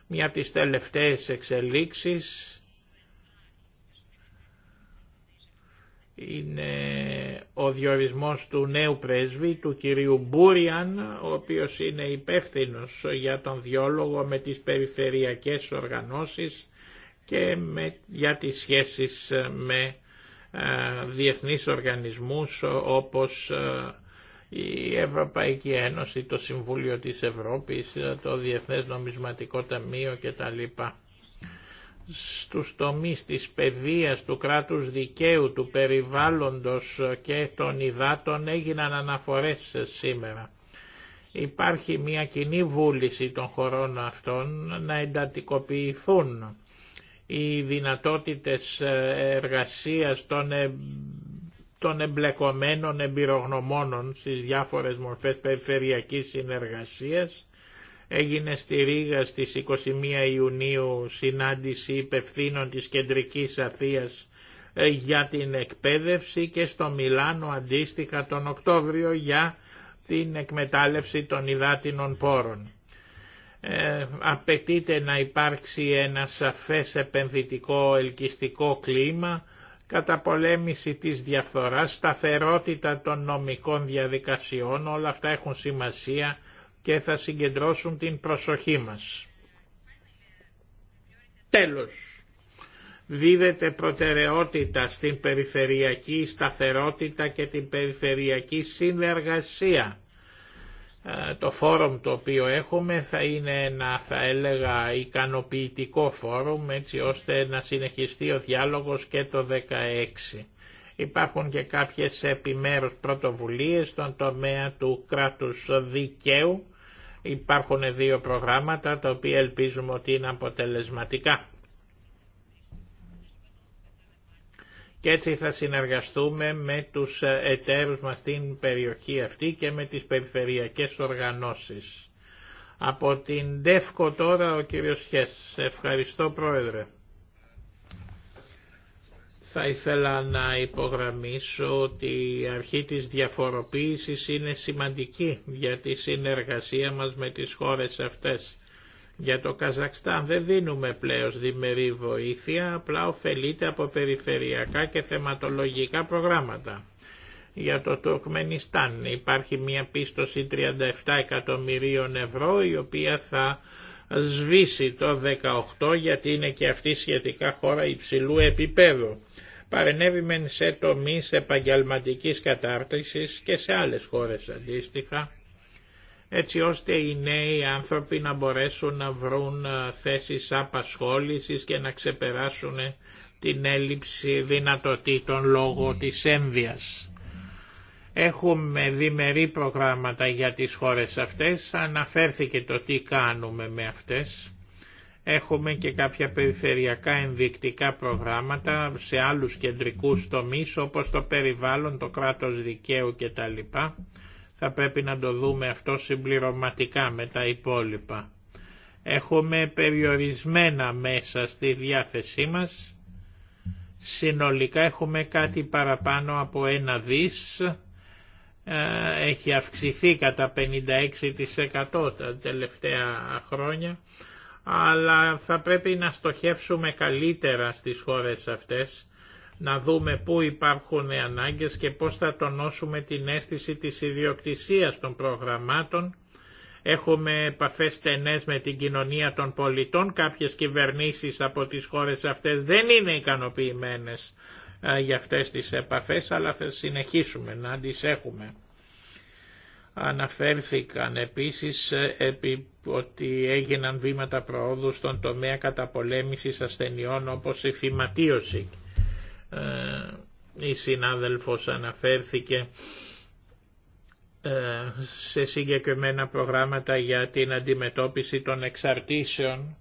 Μία από τις τελευταίες εξελίξεις είναι ο διορισμός του νέου πρέσβη, του κυρίου Μπούριαν, ο οποίος είναι υπεύθυνος για τον διόλογο με τις περιφερειακές οργανώσεις και με, για τις σχέσεις ε, με ε, διεθνείς οργανισμούς ε, όπως η Ευρωπαϊκή Ένωση, το Συμβούλιο της Ευρώπης, το Διεθνές Νομισματικό Ταμείο κτλ. Στους τομείς της παιδείας, του κράτους δικαίου, του περιβάλλοντος και των υδάτων έγιναν αναφορές σήμερα. Υπάρχει μια κοινή βούληση των χωρών αυτών να εντατικοποιηθούν οι δυνατότητες ε, εργασίας των, ε, των εμπλεκομένων εμπειρογνωμόνων στις διάφορες μορφές περιφερειακής συνεργασίας. Έγινε στη Ρήγα στις 21 Ιουνίου συνάντηση υπευθύνων της Κεντρικής Αθίας ε, για την εκπαίδευση και στο Μιλάνο αντίστοιχα τον Οκτώβριο για την εκμετάλλευση των υδάτινων πόρων ε, απαιτείται να υπάρξει ένα σαφές επενδυτικό ελκυστικό κλίμα, καταπολέμηση της διαφθοράς, σταθερότητα των νομικών διαδικασιών, όλα αυτά έχουν σημασία και θα συγκεντρώσουν την προσοχή μας. Τέλος, δίδεται προτεραιότητα στην περιφερειακή σταθερότητα και την περιφερειακή συνεργασία ε, το φόρουμ το οποίο έχουμε θα είναι ένα θα έλεγα ικανοποιητικό φόρουμ έτσι ώστε να συνεχιστεί ο διάλογος και το 16. Υπάρχουν και κάποιες επιμέρους πρωτοβουλίες στον τομέα του κράτους δικαίου. Υπάρχουν δύο προγράμματα τα οποία ελπίζουμε ότι είναι αποτελεσματικά. και έτσι θα συνεργαστούμε με τους εταίρους μας στην περιοχή αυτή και με τις περιφερειακές οργανώσεις. Από την ΤΕΦΚΟ τώρα ο κύριος Χες. Ευχαριστώ Πρόεδρε. Θα ήθελα να υπογραμμίσω ότι η αρχή της διαφοροποίησης είναι σημαντική για τη συνεργασία μας με τις χώρες αυτές για το Καζακστάν δεν δίνουμε πλέον διμερή βοήθεια, απλά ωφελείται από περιφερειακά και θεματολογικά προγράμματα. Για το Τουρκμενιστάν υπάρχει μια πίστοση 37 εκατομμυρίων ευρώ η οποία θα σβήσει το 18 γιατί είναι και αυτή σχετικά χώρα υψηλού επίπεδου. Παρενέβημεν μεν σε τομείς επαγγελματικής κατάρτισης και σε άλλες χώρες αντίστοιχα έτσι ώστε οι νέοι άνθρωποι να μπορέσουν να βρουν ε, θέσεις απασχόλησης και να ξεπεράσουν ε, την έλλειψη δυνατοτήτων λόγω ναι. της ένδυας. Έχουμε διμερεί προγράμματα για τις χώρες αυτές, αναφέρθηκε το τι κάνουμε με αυτές. Έχουμε και κάποια περιφερειακά ενδεικτικά προγράμματα σε άλλους κεντρικούς τομείς όπως το περιβάλλον, το κράτος δικαίου κτλ θα πρέπει να το δούμε αυτό συμπληρωματικά με τα υπόλοιπα. Έχουμε περιορισμένα μέσα στη διάθεσή μας. Συνολικά έχουμε κάτι παραπάνω από ένα δις. Ε, έχει αυξηθεί κατά 56% τα τελευταία χρόνια. Αλλά θα πρέπει να στοχεύσουμε καλύτερα στις χώρες αυτές να δούμε πού υπάρχουν ανάγκες και πώς θα τονώσουμε την αίσθηση της ιδιοκτησίας των προγραμμάτων. Έχουμε επαφές στενές με την κοινωνία των πολιτών. Κάποιες κυβερνήσεις από τις χώρες αυτές δεν είναι ικανοποιημένες ε, για αυτές τις επαφές, αλλά θα συνεχίσουμε να τις έχουμε. Αναφέρθηκαν επίσης ε, επί ότι έγιναν βήματα προόδου στον τομέα καταπολέμησης ασθενειών όπως η θυματίωση. Ε, η συνάδελφος αναφέρθηκε ε, σε συγκεκριμένα προγράμματα για την αντιμετώπιση των εξαρτήσεων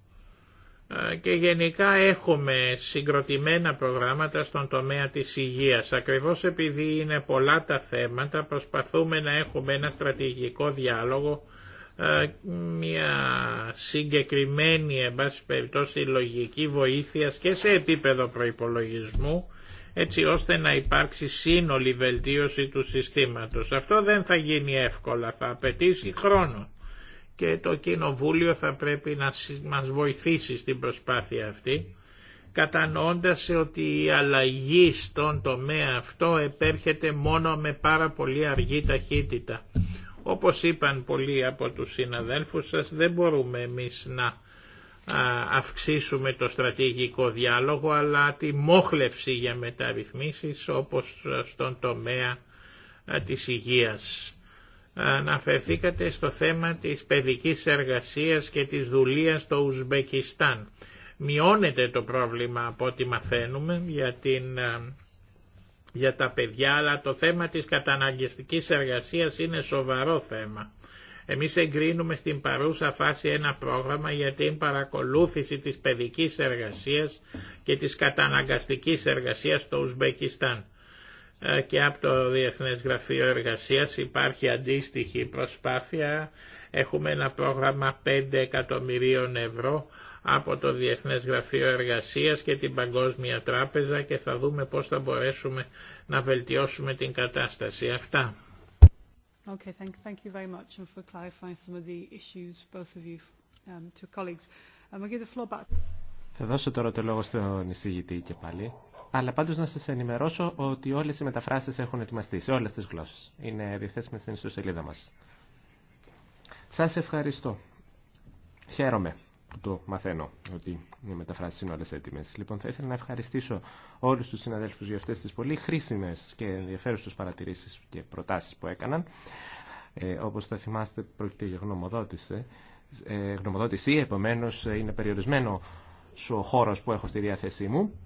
ε, και γενικά έχουμε συγκροτημένα προγράμματα στον τομέα της υγείας. Ακριβώς επειδή είναι πολλά τα θέματα προσπαθούμε να έχουμε ένα στρατηγικό διάλογο, μια συγκεκριμένη εν περιπτώσει λογική βοήθεια και σε επίπεδο προϋπολογισμού έτσι ώστε να υπάρξει σύνολη βελτίωση του συστήματος. Αυτό δεν θα γίνει εύκολα, θα απαιτήσει χρόνο και το Κοινοβούλιο θα πρέπει να μας βοηθήσει στην προσπάθεια αυτή κατανοώντας ότι η αλλαγή στον τομέα αυτό επέρχεται μόνο με πάρα πολύ αργή ταχύτητα. Όπως είπαν πολλοί από τους συναδέλφους σας, δεν μπορούμε εμείς να αυξήσουμε το στρατηγικό διάλογο αλλά τη μόχλευση για μεταρρυθμίσεις όπως στον τομέα της υγείας. Αναφερθήκατε στο θέμα της παιδικής εργασίας και της δουλείας στο Ουσμπεκιστάν. Μειώνεται το πρόβλημα από ό,τι μαθαίνουμε για, την, για τα παιδιά, αλλά το θέμα της καταναγκαστικής εργασίας είναι σοβαρό θέμα εμείς εγκρίνουμε στην παρούσα φάση ένα πρόγραμμα για την παρακολούθηση της παιδικής εργασίας και της καταναγκαστικής εργασίας στο Ουσμπεκιστάν. Ε, και από το Διεθνές Γραφείο Εργασίας υπάρχει αντίστοιχη προσπάθεια. Έχουμε ένα πρόγραμμα 5 εκατομμυρίων ευρώ από το Διεθνές Γραφείο Εργασίας και την Παγκόσμια Τράπεζα και θα δούμε πώς θα μπορέσουμε να βελτιώσουμε την κατάσταση. Αυτά. Okay, thank you very much and for clarifying some of the issues, both of you, um, to colleagues. to um, give the floor back. Θα δώσω τώρα το λόγο στον εισηγητή και πάλι. Αλλά πάντως να σας ενημερώσω ότι όλες οι μεταφράσεις έχουν ετοιμαστεί σε όλες τις γλώσσες. Είναι διαθέσιμες στην ιστοσελίδα μας. Σας ευχαριστώ. Χαίρομαι που το μαθαίνω ότι οι μεταφράσει είναι όλε έτοιμε. Λοιπόν, θα ήθελα να ευχαριστήσω όλους τους συναδέλφους για αυτέ τι πολύ χρήσιμες και ενδιαφέρουσε παρατηρήσεις και προτάσεις που έκαναν. Ε, όπως θα θυμάστε, πρόκειται για γνωμοδότηση. Ε, γνωμοδότηση, επομένως, είναι περιορισμένο ο χώρο που έχω στη διάθεσή μου.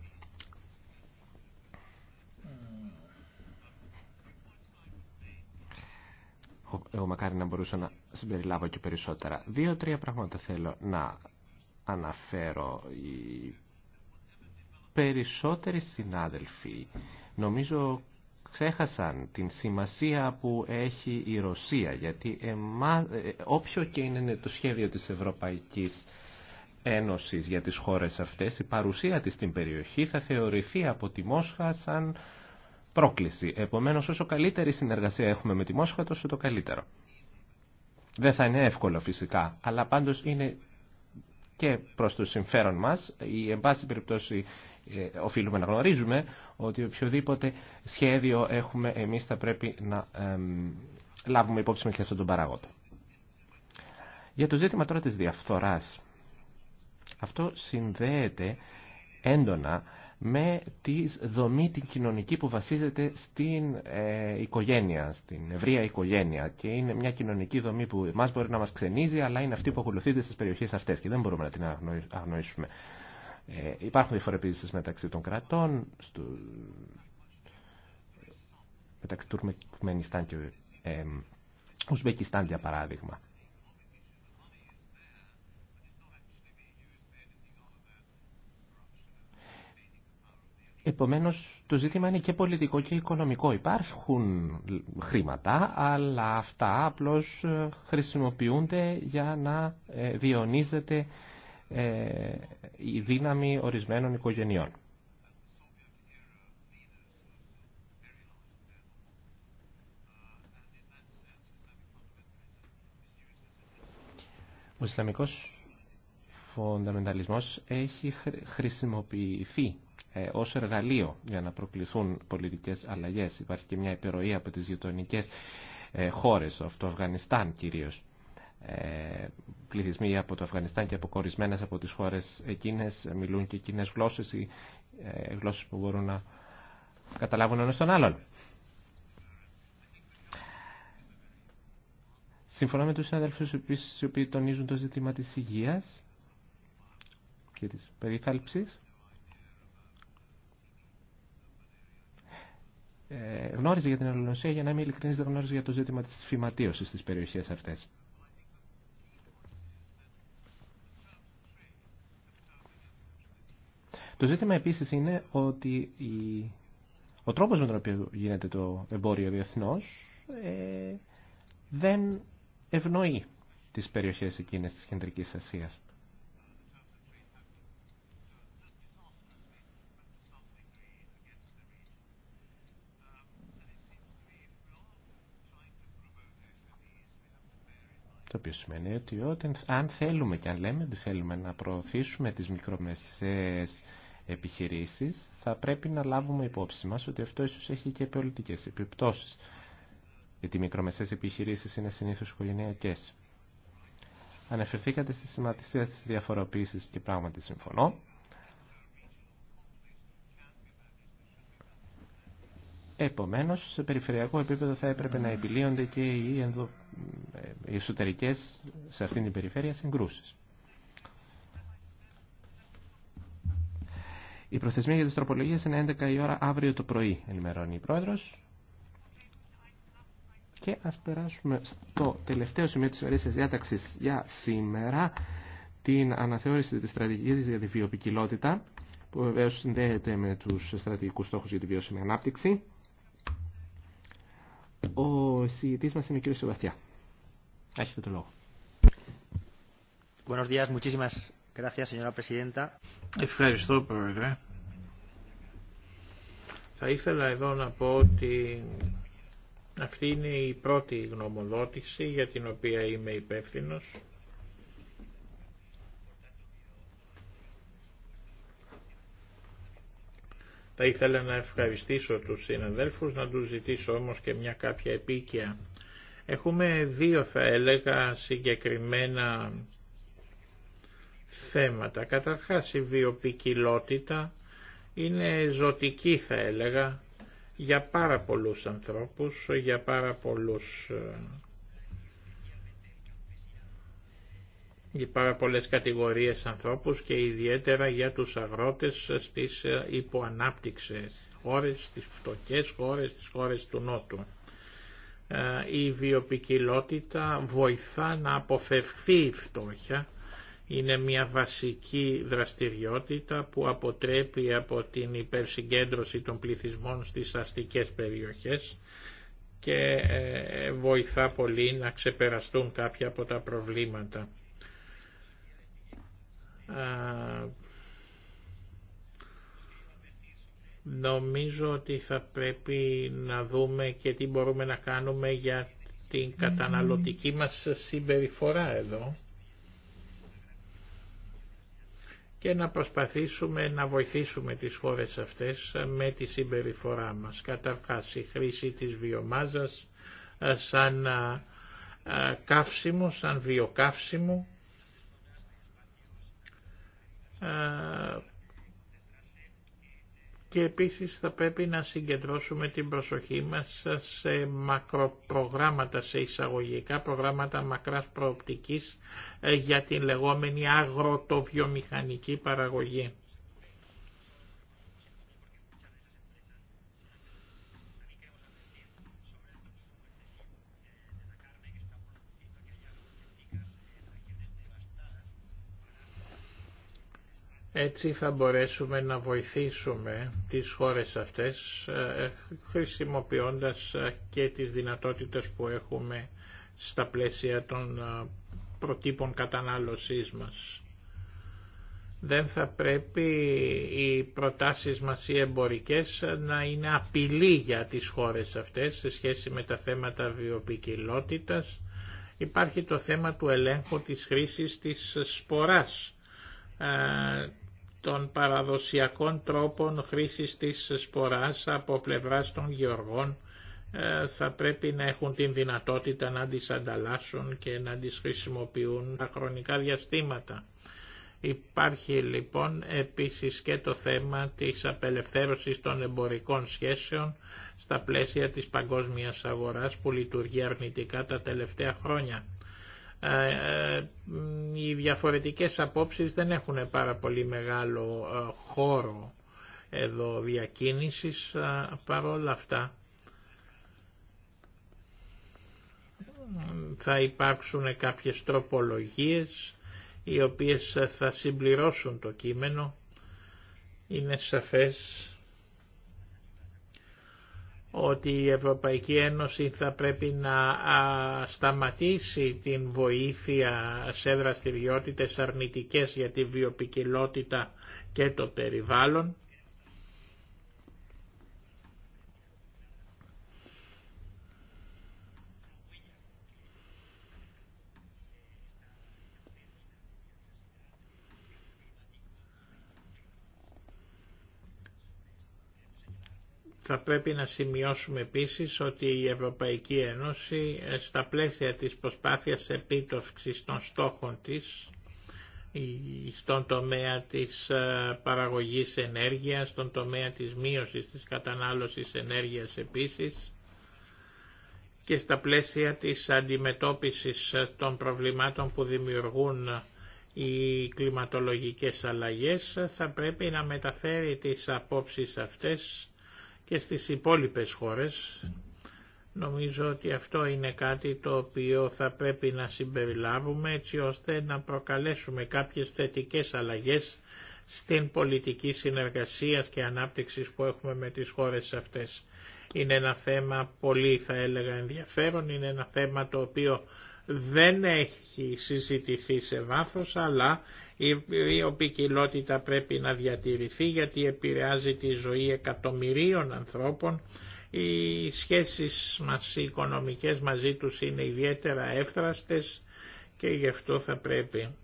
Ε, εγώ μακάρι να μπορούσα να συμπεριλάβω και περισσότερα. Δύο-τρία πράγματα θέλω να αναφέρω. Οι περισσότεροι συνάδελφοι νομίζω ξέχασαν την σημασία που έχει η Ρωσία, γιατί εμά, ε, όποιο και είναι το σχέδιο της Ευρωπαϊκής Ένωσης για τις χώρες αυτές, η παρουσία της στην περιοχή θα θεωρηθεί από τη Μόσχα σαν πρόκληση. Επομένως, όσο καλύτερη συνεργασία έχουμε με τη Μόσχα, τόσο το καλύτερο. Δεν θα είναι εύκολο φυσικά, αλλά πάντως είναι και προς το συμφέρον μας. Ή, εν πάση περιπτώσει, ε, οφείλουμε να γνωρίζουμε ότι οποιοδήποτε σχέδιο έχουμε εμείς θα πρέπει να λάβουμε υπόψη και αυτόν τον παράγοντα. Για το ζήτημα τώρα της διαφθοράς. Αυτό συνδέεται έντονα με τη δομή την κοινωνική που βασίζεται στην ε, οικογένεια, στην ευρεία οικογένεια και είναι μια κοινωνική δομή που εμά μπορεί να μας ξενίζει αλλά είναι αυτή που ακολουθείται στις περιοχές αυτές και δεν μπορούμε να την αγνοήσουμε. Ε, υπάρχουν διαφορετήσεις μεταξύ των κρατών, στο... μεταξύ του και ε, για παράδειγμα. Επομένως το ζήτημα είναι και πολιτικό και οικονομικό. Υπάρχουν χρήματα, αλλά αυτά απλώς ε, χρησιμοποιούνται για να ε, διονύζεται ε, η δύναμη ορισμένων οικογενειών. Ο Ισλαμικός φονταμενταλισμός έχει χρησιμοποιηθεί ε, ως εργαλείο για να προκληθούν πολιτικές αλλαγές. Υπάρχει και μια επιρροή από τις γειτονικέ ε, χώρες, από το Αφγανιστάν κυρίως. Ε, πληθυσμοί από το Αφγανιστάν και αποκορισμένες από τις χώρες εκείνες μιλούν και εκείνες γλώσσες ή γλώσσες που μπορούν να καταλάβουν ένας τον άλλον. Συμφωνώ με τους συναδελφούς οι οποίοι τονίζουν το ζήτημα της υγείας και της περιθάλψης. Ε, γνώριζε για την Ελληνοσία, για να είμαι ειλικρινής, δεν γνώριζε για το ζήτημα της φυματίωσης στις περιοχές αυτές. Το ζήτημα επίσης είναι ότι ο τρόπος με τον οποίο γίνεται το εμπόριο διεθνώ ε, δεν ευνοεί τις περιοχές εκείνες της Κεντρικής Ασίας. Το οποίο σημαίνει ότι αν θέλουμε και αν λέμε ότι θέλουμε να προωθήσουμε τις μικρομεσαίες επιχειρήσεις, θα πρέπει να λάβουμε υπόψη μας ότι αυτό ίσως έχει και πολιτικές επιπτώσεις. Γιατί οι μικρομεσαίες επιχειρήσεις είναι συνήθως οικογενειακές. Αναφερθήκατε στη σημαντική της διαφοροποίησης και πράγματι συμφωνώ. Επομένως, σε περιφερειακό επίπεδο θα έπρεπε να επιλύονται και οι, ενδο... Ε, εσωτερικές σε αυτήν την περιφέρεια συγκρούσεις. Η προθεσμία για τις τροπολογίες είναι 11 η ώρα αύριο το πρωί, ενημερώνει η Πρόεδρος. Και ας περάσουμε στο τελευταίο σημείο της ημερήσιας διάταξης για σήμερα, την αναθεώρηση της στρατηγικής για τη βιοπικιλότητα, που βεβαίως συνδέεται με τους στρατηγικούς στόχους για τη βιώσιμη ανάπτυξη. Ο συγητής μας είναι ο κύριος Σεβαστιά. Έχετε το λόγο. Buenos días, muchísimas gracias, señora presidenta. Ευχαριστώ, Πρόεδρε. Θα ήθελα εδώ να πω ότι αυτή είναι η πρώτη γνωμοδότηση για την οποία είμαι υπεύθυνος Θα ήθελα να ευχαριστήσω τους συναδέλφους, να τους ζητήσω όμως και μια κάποια επίκαια. Έχουμε δύο θα έλεγα συγκεκριμένα θέματα. Καταρχάς η βιοπικιλότητα είναι ζωτική θα έλεγα για πάρα πολλούς ανθρώπους, για πάρα πολλούς ε, για πάρα πολλές κατηγορίες ανθρώπους και ιδιαίτερα για τους αγρότες στις ε, υποανάπτυξες χώρες, στις φτωχές χώρες, στις χώρες του Νότου. Ε, η βιοπικιλότητα βοηθά να αποφευχθεί η φτώχεια. Είναι μια βασική δραστηριότητα που αποτρέπει από την υπερσυγκέντρωση των πληθυσμών στις αστικές περιοχές και ε, βοηθά πολύ να ξεπεραστούν κάποια από τα προβλήματα. Ε, νομίζω ότι θα πρέπει να δούμε και τι μπορούμε να κάνουμε για την καταναλωτική μας συμπεριφορά εδώ και να προσπαθήσουμε να βοηθήσουμε τις χώρες αυτές με τη συμπεριφορά μας. Καταρχάς η χρήση της βιομάζας ε, σαν ε, καύσιμο, σαν βιοκαύσιμο ε, και επίσης θα πρέπει να συγκεντρώσουμε την προσοχή μας σε μακροπρογράμματα, σε εισαγωγικά προγράμματα μακράς προοπτικής ε, για την λεγόμενη αγροτοβιομηχανική παραγωγή. Έτσι θα μπορέσουμε να βοηθήσουμε τις χώρες αυτές ε, χρησιμοποιώντας ε, και τις δυνατότητες που έχουμε στα πλαίσια των ε, προτύπων κατανάλωσής μας. Δεν θα πρέπει οι προτάσεις μας οι εμπορικές να είναι απειλή για τις χώρες αυτές σε σχέση με τα θέματα βιοπικιλότητας. Υπάρχει το θέμα του ελέγχου της χρήσης της σποράς των παραδοσιακών τρόπων χρήσης της σποράς από πλευράς των γεωργών ε, θα πρέπει να έχουν την δυνατότητα να τις ανταλλάσσουν και να τις χρησιμοποιούν τα χρονικά διαστήματα. Υπάρχει λοιπόν επίσης και το θέμα της απελευθέρωσης των εμπορικών σχέσεων στα πλαίσια της παγκόσμιας αγοράς που λειτουργεί αρνητικά τα τελευταία χρόνια. Ε, ε, οι διαφορετικές απόψεις δεν έχουν πάρα πολύ μεγάλο ε, χώρο εδώ διακίνησης παρόλα αυτά θα υπάρξουν κάποιες τροπολογίες οι οποίες θα συμπληρώσουν το κείμενο είναι σαφές ότι η Ευρωπαϊκή Ένωση θα πρέπει να σταματήσει την βοήθεια σε δραστηριότητες αρνητικές για τη βιοπικιλότητα και το περιβάλλον Θα πρέπει να σημειώσουμε επίσης ότι η Ευρωπαϊκή Ένωση ε, στα πλαίσια της προσπάθειας επίτευξης των στόχων της στον τομέα της ε, παραγωγής ενέργειας, στον τομέα της μείωσης της κατανάλωσης ενέργειας επίσης και στα πλαίσια της αντιμετώπισης ε, των προβλημάτων που δημιουργούν οι κλιματολογικές αλλαγές θα πρέπει να μεταφέρει τις απόψεις αυτές και στις υπόλοιπες χώρες. Νομίζω ότι αυτό είναι κάτι το οποίο θα πρέπει να συμπεριλάβουμε έτσι ώστε να προκαλέσουμε κάποιες θετικές αλλαγές στην πολιτική συνεργασία και ανάπτυξης που έχουμε με τις χώρες αυτές. Είναι ένα θέμα πολύ θα έλεγα ενδιαφέρον, είναι ένα θέμα το οποίο δεν έχει συζητηθεί σε βάθος αλλά η βιοπικιλότητα πρέπει να διατηρηθεί γιατί επηρεάζει τη ζωή εκατομμυρίων ανθρώπων. Οι σχέσεις μας οι οικονομικές μαζί τους είναι ιδιαίτερα εύθραστες και γι' αυτό θα πρέπει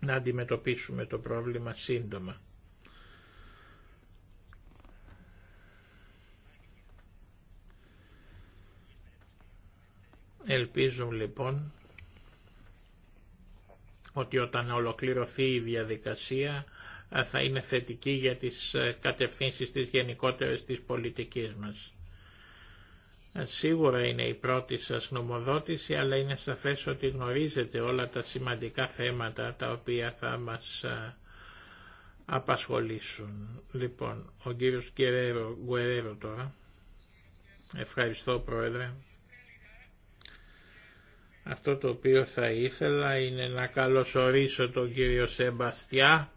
να αντιμετωπίσουμε το πρόβλημα σύντομα. Ελπίζω λοιπόν ότι όταν ολοκληρωθεί η διαδικασία ε, θα είναι θετική για τις ε, κατευθύνσεις της γενικότερης της πολιτικής μας. Ε, σίγουρα είναι η πρώτη σας νομοδότηση, αλλά είναι σαφές ότι γνωρίζετε όλα τα σημαντικά θέματα τα οποία θα μας απασχολήσουν. Λοιπόν, ο κύριος Γκουερέρο τώρα. Ευχαριστώ Πρόεδρε. Αυτό το οποίο θα ήθελα είναι να καλωσορίσω τον κύριο Σεμπαστιά,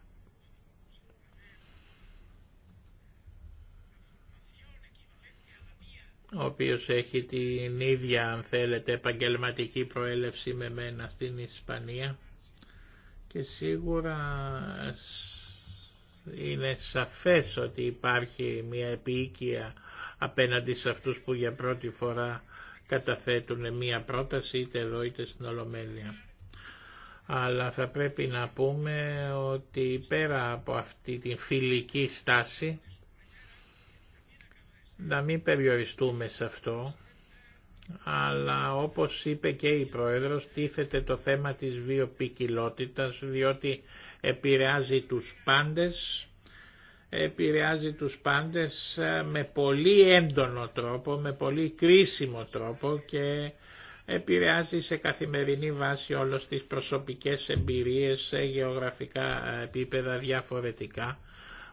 ο οποίος έχει την ίδια αν θέλετε επαγγελματική προέλευση με μένα στην Ισπανία και σίγουρα είναι σαφές ότι υπάρχει μια επίοικια απέναντι σε αυτούς που για πρώτη φορά καταθέτουν μία πρόταση είτε εδώ είτε στην Ολομέλεια. Αλλά θα πρέπει να πούμε ότι πέρα από αυτή την φιλική στάση, να μην περιοριστούμε σε αυτό, αλλά όπως είπε και η Πρόεδρος, τίθεται το θέμα της βιοπικιλότητας, διότι επηρεάζει τους πάντες επηρεάζει τους πάντες ε, με πολύ έντονο τρόπο, με πολύ κρίσιμο τρόπο και επηρεάζει σε καθημερινή βάση όλες τις προσωπικές εμπειρίες σε γεωγραφικά επίπεδα διαφορετικά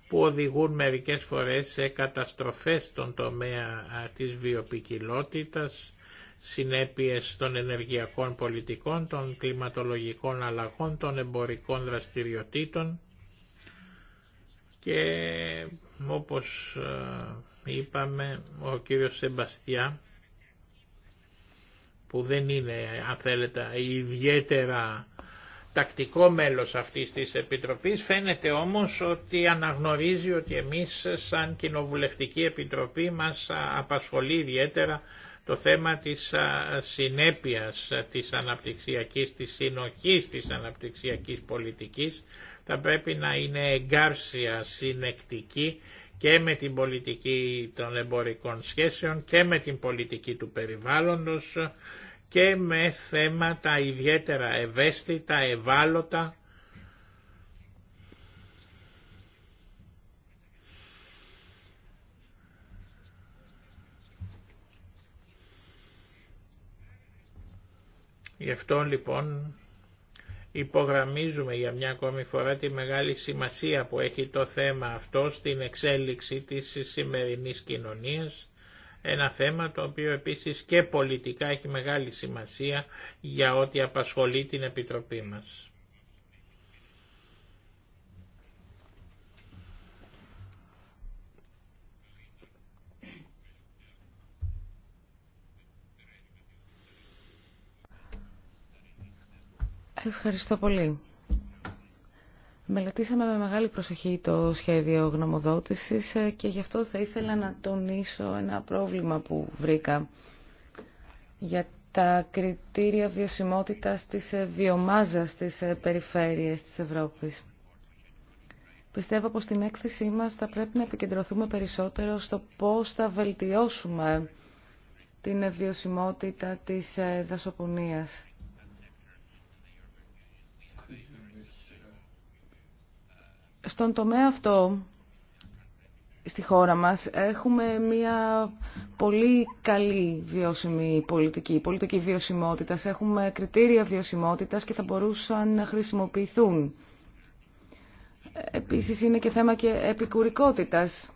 που οδηγούν μερικές φορές σε καταστροφές στον τομέα της βιοπικιλότητας, συνέπειες των ενεργειακών πολιτικών, των κλιματολογικών αλλαγών, των εμπορικών δραστηριοτήτων και όπως ε, είπαμε ο κύριος Σεμπαστιά που δεν είναι αν θέλετε ιδιαίτερα τακτικό μέλος αυτής της Επιτροπής φαίνεται όμως ότι αναγνωρίζει ότι εμείς σαν Κοινοβουλευτική Επιτροπή μας απασχολεί ιδιαίτερα το θέμα της συνέπειας της αναπτυξιακής, της συνοχής της αναπτυξιακής πολιτικής θα πρέπει να είναι εγκάρσια συνεκτική και με την πολιτική των εμπορικών σχέσεων και με την πολιτική του περιβάλλοντος και με θέματα ιδιαίτερα ευαίσθητα, ευάλωτα Γι' αυτό λοιπόν Υπογραμμίζουμε για μια ακόμη φορά τη μεγάλη σημασία που έχει το θέμα αυτό στην εξέλιξη της σημερινής κοινωνίας, ένα θέμα το οποίο επίσης και πολιτικά έχει μεγάλη σημασία για ό,τι απασχολεί την Επιτροπή μας. Ευχαριστώ πολύ. Μελετήσαμε με μεγάλη προσοχή το σχέδιο γνωμοδότησης ε, και γι' αυτό θα ήθελα να τονίσω ένα πρόβλημα που βρήκα για τα κριτήρια βιωσιμότητας της ε, βιομάζας της ε, περιφέρειες της Ευρώπης. Πιστεύω πως στην έκθεσή μας θα πρέπει να επικεντρωθούμε περισσότερο στο πώς θα βελτιώσουμε την βιωσιμότητα της δασοπονίας Στον τομέα αυτό, στη χώρα μας, έχουμε μια πολύ καλή βιώσιμη πολιτική, πολιτική βιωσιμότητας. Έχουμε κριτήρια βιωσιμότητας και θα μπορούσαν να χρησιμοποιηθούν. Επίσης είναι και θέμα και επικουρικότητας.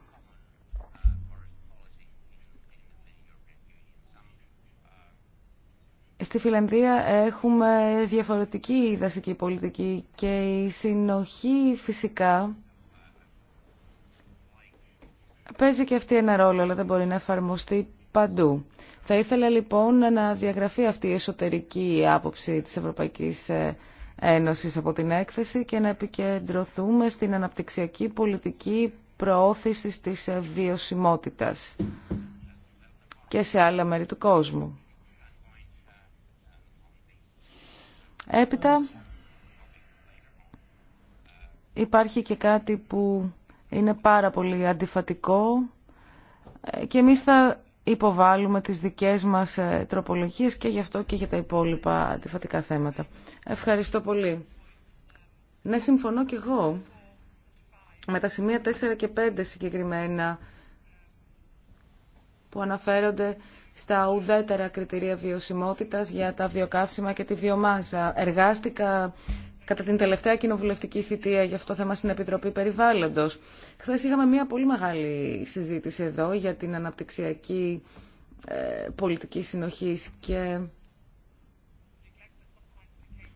Στη Φιλανδία έχουμε διαφορετική δασική πολιτική και η συνοχή φυσικά παίζει και αυτή ένα ρόλο, αλλά δεν μπορεί να εφαρμοστεί παντού. Θα ήθελα λοιπόν να διαγραφεί αυτή η εσωτερική άποψη της Ευρωπαϊκής ε, Ένωσης από την έκθεση και να επικεντρωθούμε στην αναπτυξιακή πολιτική προώθησης της ε, βιωσιμότητας και σε άλλα μέρη του κόσμου. Έπειτα υπάρχει και κάτι που είναι πάρα πολύ αντιφατικό και εμείς θα υποβάλουμε τις δικές μας ε, τροπολογίες και γι' αυτό και για τα υπόλοιπα αντιφατικά θέματα. Ευχαριστώ πολύ. Ναι, συμφωνώ κι εγώ με τα σημεία 4 και 5 συγκεκριμένα που αναφέρονται στα ουδέτερα κριτηρία βιωσιμότητας για τα βιοκαύσιμα και τη βιομάζα. Εργάστηκα κατά την τελευταία κοινοβουλευτική θητεία για αυτό θέμα στην Επιτροπή Περιβάλλοντος. Χθε είχαμε μια πολύ μεγάλη συζήτηση εδώ για την αναπτυξιακή ε, πολιτική συνοχής και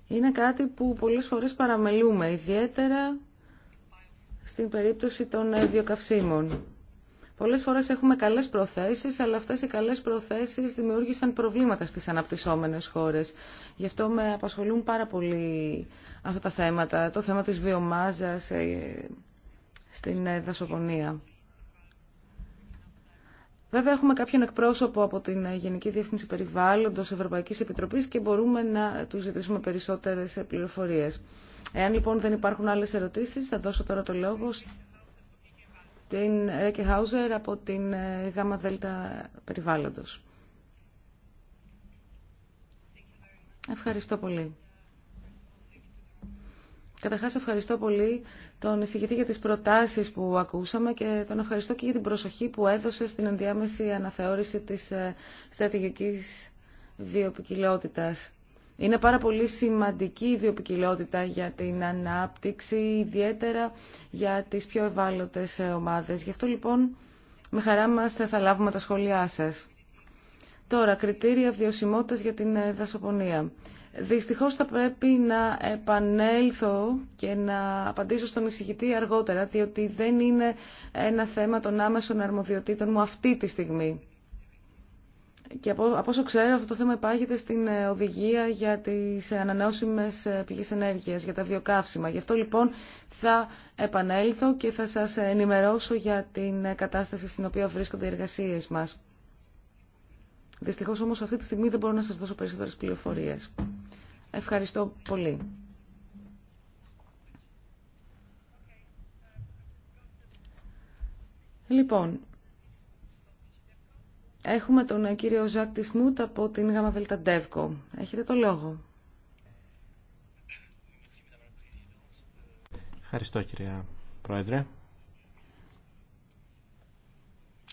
είναι κάτι που πολλές φορές παραμελούμε, ιδιαίτερα στην περίπτωση των ε, βιοκαυσίμων. Πολλές φορές έχουμε καλές προθέσεις, αλλά αυτές οι καλές προθέσεις δημιούργησαν προβλήματα στις αναπτυσσόμενες χώρες. Γι' αυτό με απασχολούν πάρα πολύ αυτά τα θέματα, το θέμα της βιομάζας ε, στην ε, δασοπονία. Βέβαια έχουμε κάποιον εκπρόσωπο από την ε, Γενική Διεύθυνση Περιβάλλοντος Ευρωπαϊκής Επιτροπής και μπορούμε να του ζητήσουμε περισσότερες πληροφορίες. Εάν λοιπόν δεν υπάρχουν άλλες ερωτήσεις, θα δώσω τώρα το λόγο την Ρέκε Χάουζερ από την ε, ΓΑΜΑ ΔΕΛΤΑ Περιβάλλοντος. Ευχαριστώ πολύ. Καταρχάς ευχαριστώ πολύ τον εισηγητή για τις προτάσεις που ακούσαμε και τον ευχαριστώ και για την προσοχή που έδωσε στην ενδιάμεση αναθεώρηση της ε, στρατηγικής βιοποικιλότητας. Είναι πάρα πολύ σημαντική η βιοπικιλότητα για την ανάπτυξη, ιδιαίτερα για τις πιο ευάλωτες ομάδες. Γι' αυτό λοιπόν με χαρά μας θα λάβουμε τα σχόλιά σας. Τώρα, κριτήρια βιωσιμότητας για την δασοπονία. Δυστυχώς θα πρέπει να επανέλθω και να απαντήσω στον εισηγητή αργότερα, διότι δεν είναι ένα θέμα των άμεσων αρμοδιοτήτων μου αυτή τη στιγμή. Και από, από όσο ξέρω αυτό το θέμα υπάγεται στην ε, οδηγία για τις ε, ανανεώσιμες ε, πηγές ενέργειας, για τα βιοκαύσιμα. Γι' αυτό λοιπόν θα επανέλθω και θα σας ενημερώσω για την κατάσταση στην οποία βρίσκονται οι εργασίες μας. Δυστυχώς όμως αυτή τη στιγμή δεν μπορώ να σας δώσω περισσότερες πληροφορίες. Ευχαριστώ πολύ. Λοιπόν, Έχουμε τον κύριο Ζακ Τισμούτ από την ΓΑΜΑΒΕΛΤΑ Έχετε το λόγο. Ευχαριστώ κυρία Πρόεδρε.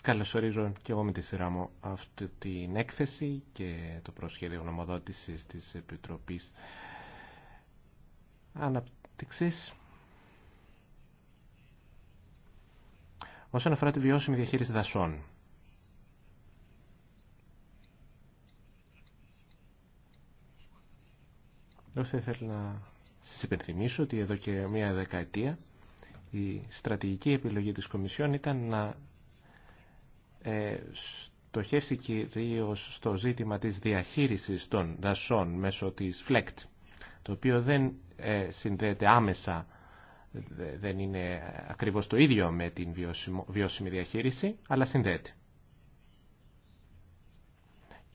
Καλωσορίζω και εγώ με τη σειρά μου αυτή την έκθεση και το προσχέδιο γνωμοδότησης της Επιτροπής Αναπτυξής. Όσον αφορά τη βιώσιμη διαχείριση δασών, Εδώ θα ήθελα να σα υπενθυμίσω ότι εδώ και μία δεκαετία η στρατηγική επιλογή της Κομισιόν ήταν να ε, στοχεύσει κυρίω στο ζήτημα της διαχείρισης των δασών μέσω της FLECT, το οποίο δεν ε, συνδέεται άμεσα, δεν είναι ακριβώς το ίδιο με την βιώσιμη διαχείριση, αλλά συνδέεται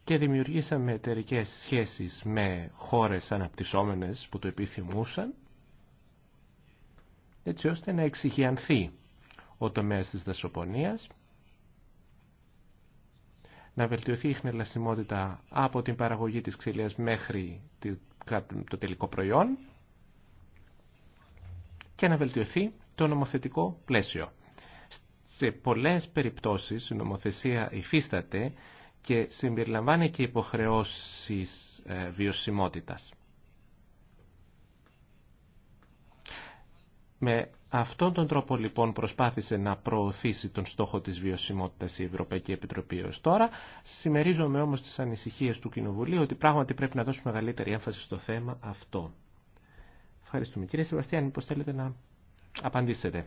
και δημιουργήσαμε εταιρικέ σχέσεις με χώρες αναπτυσσόμενες που το επιθυμούσαν, έτσι ώστε να εξηγιανθεί ο τομέας της δασοπονίας, να βελτιωθεί η χνελασιμότητα από την παραγωγή της ξυλίας μέχρι το τελικό προϊόν και να βελτιωθεί το νομοθετικό πλαίσιο. Σε πολλές περιπτώσεις η νομοθεσία υφίσταται και συμπεριλαμβάνει και υποχρεώσεις ε, βιωσιμότητας. Με αυτόν τον τρόπο λοιπόν προσπάθησε να προωθήσει τον στόχο της βιωσιμότητας η Ευρωπαϊκή Επιτροπή ως τώρα. Συμμερίζομαι όμως τις ανησυχίες του Κοινοβουλίου ότι πράγματι πρέπει να δώσουμε μεγαλύτερη έμφαση στο θέμα αυτό. Ευχαριστούμε. Κύριε Σεβαστία, αν θέλετε να απαντήσετε.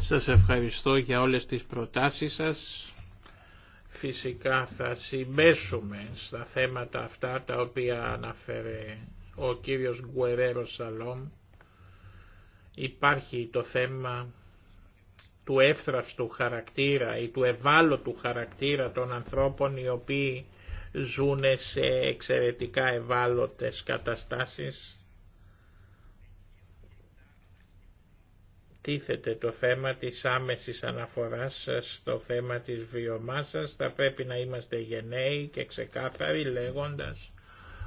Σας ευχαριστώ για όλες τις προτάσεις σας. Φυσικά θα συμπέσουμε στα θέματα αυτά τα οποία αναφέρε ο κύριος Γκουερέρο Σαλόμ. Υπάρχει το θέμα του εύθραυστου χαρακτήρα ή του ευάλωτου χαρακτήρα των ανθρώπων οι οποίοι ζουν σε εξαιρετικά ευάλωτες καταστάσεις τίθεται το θέμα της άμεσης αναφοράς στο θέμα της βιομάσας, θα πρέπει να είμαστε γενναίοι και ξεκάθαροι λέγοντας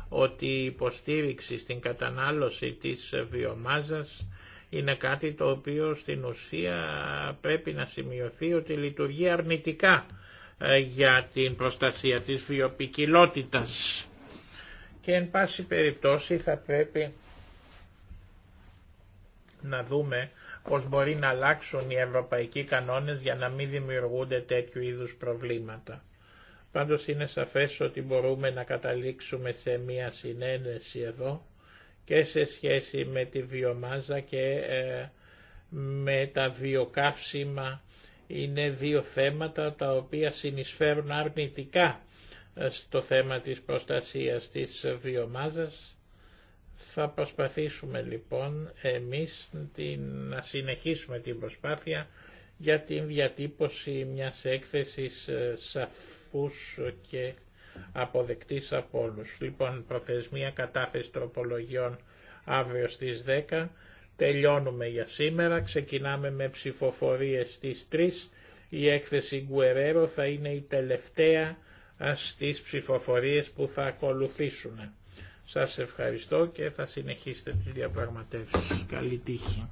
ότι η υποστήριξη στην κατανάλωση της βιομάζας είναι κάτι το οποίο στην ουσία πρέπει να σημειωθεί ότι λειτουργεί αρνητικά ε, για την προστασία της βιοπικιλότητας. Και εν πάση περιπτώσει θα πρέπει να δούμε πώς μπορεί να αλλάξουν οι ευρωπαϊκοί κανόνες για να μην δημιουργούνται τέτοιου είδους προβλήματα. Πάντως είναι σαφές ότι μπορούμε να καταλήξουμε σε μία συνένεση εδώ και σε σχέση με τη βιομάζα και ε, με τα βιοκαύσιμα είναι δύο θέματα τα οποία συνεισφέρουν αρνητικά ε, στο θέμα της προστασίας της βιομάζας θα προσπαθήσουμε λοιπόν εμείς να συνεχίσουμε την προσπάθεια για την διατύπωση μιας έκθεσης ε, σαφούς και αποδεκτής από όλους. Λοιπόν, προθεσμία κατάθεση τροπολογιών αύριο στις 10. Τελειώνουμε για σήμερα, ξεκινάμε με ψηφοφορίες στις 3. Η έκθεση Γκουερέρο θα είναι η τελευταία ε, στις ψηφοφορίες που θα ακολουθήσουν. Σας ευχαριστώ και θα συνεχίσετε τις διαπραγματεύσεις. Καλή τύχη.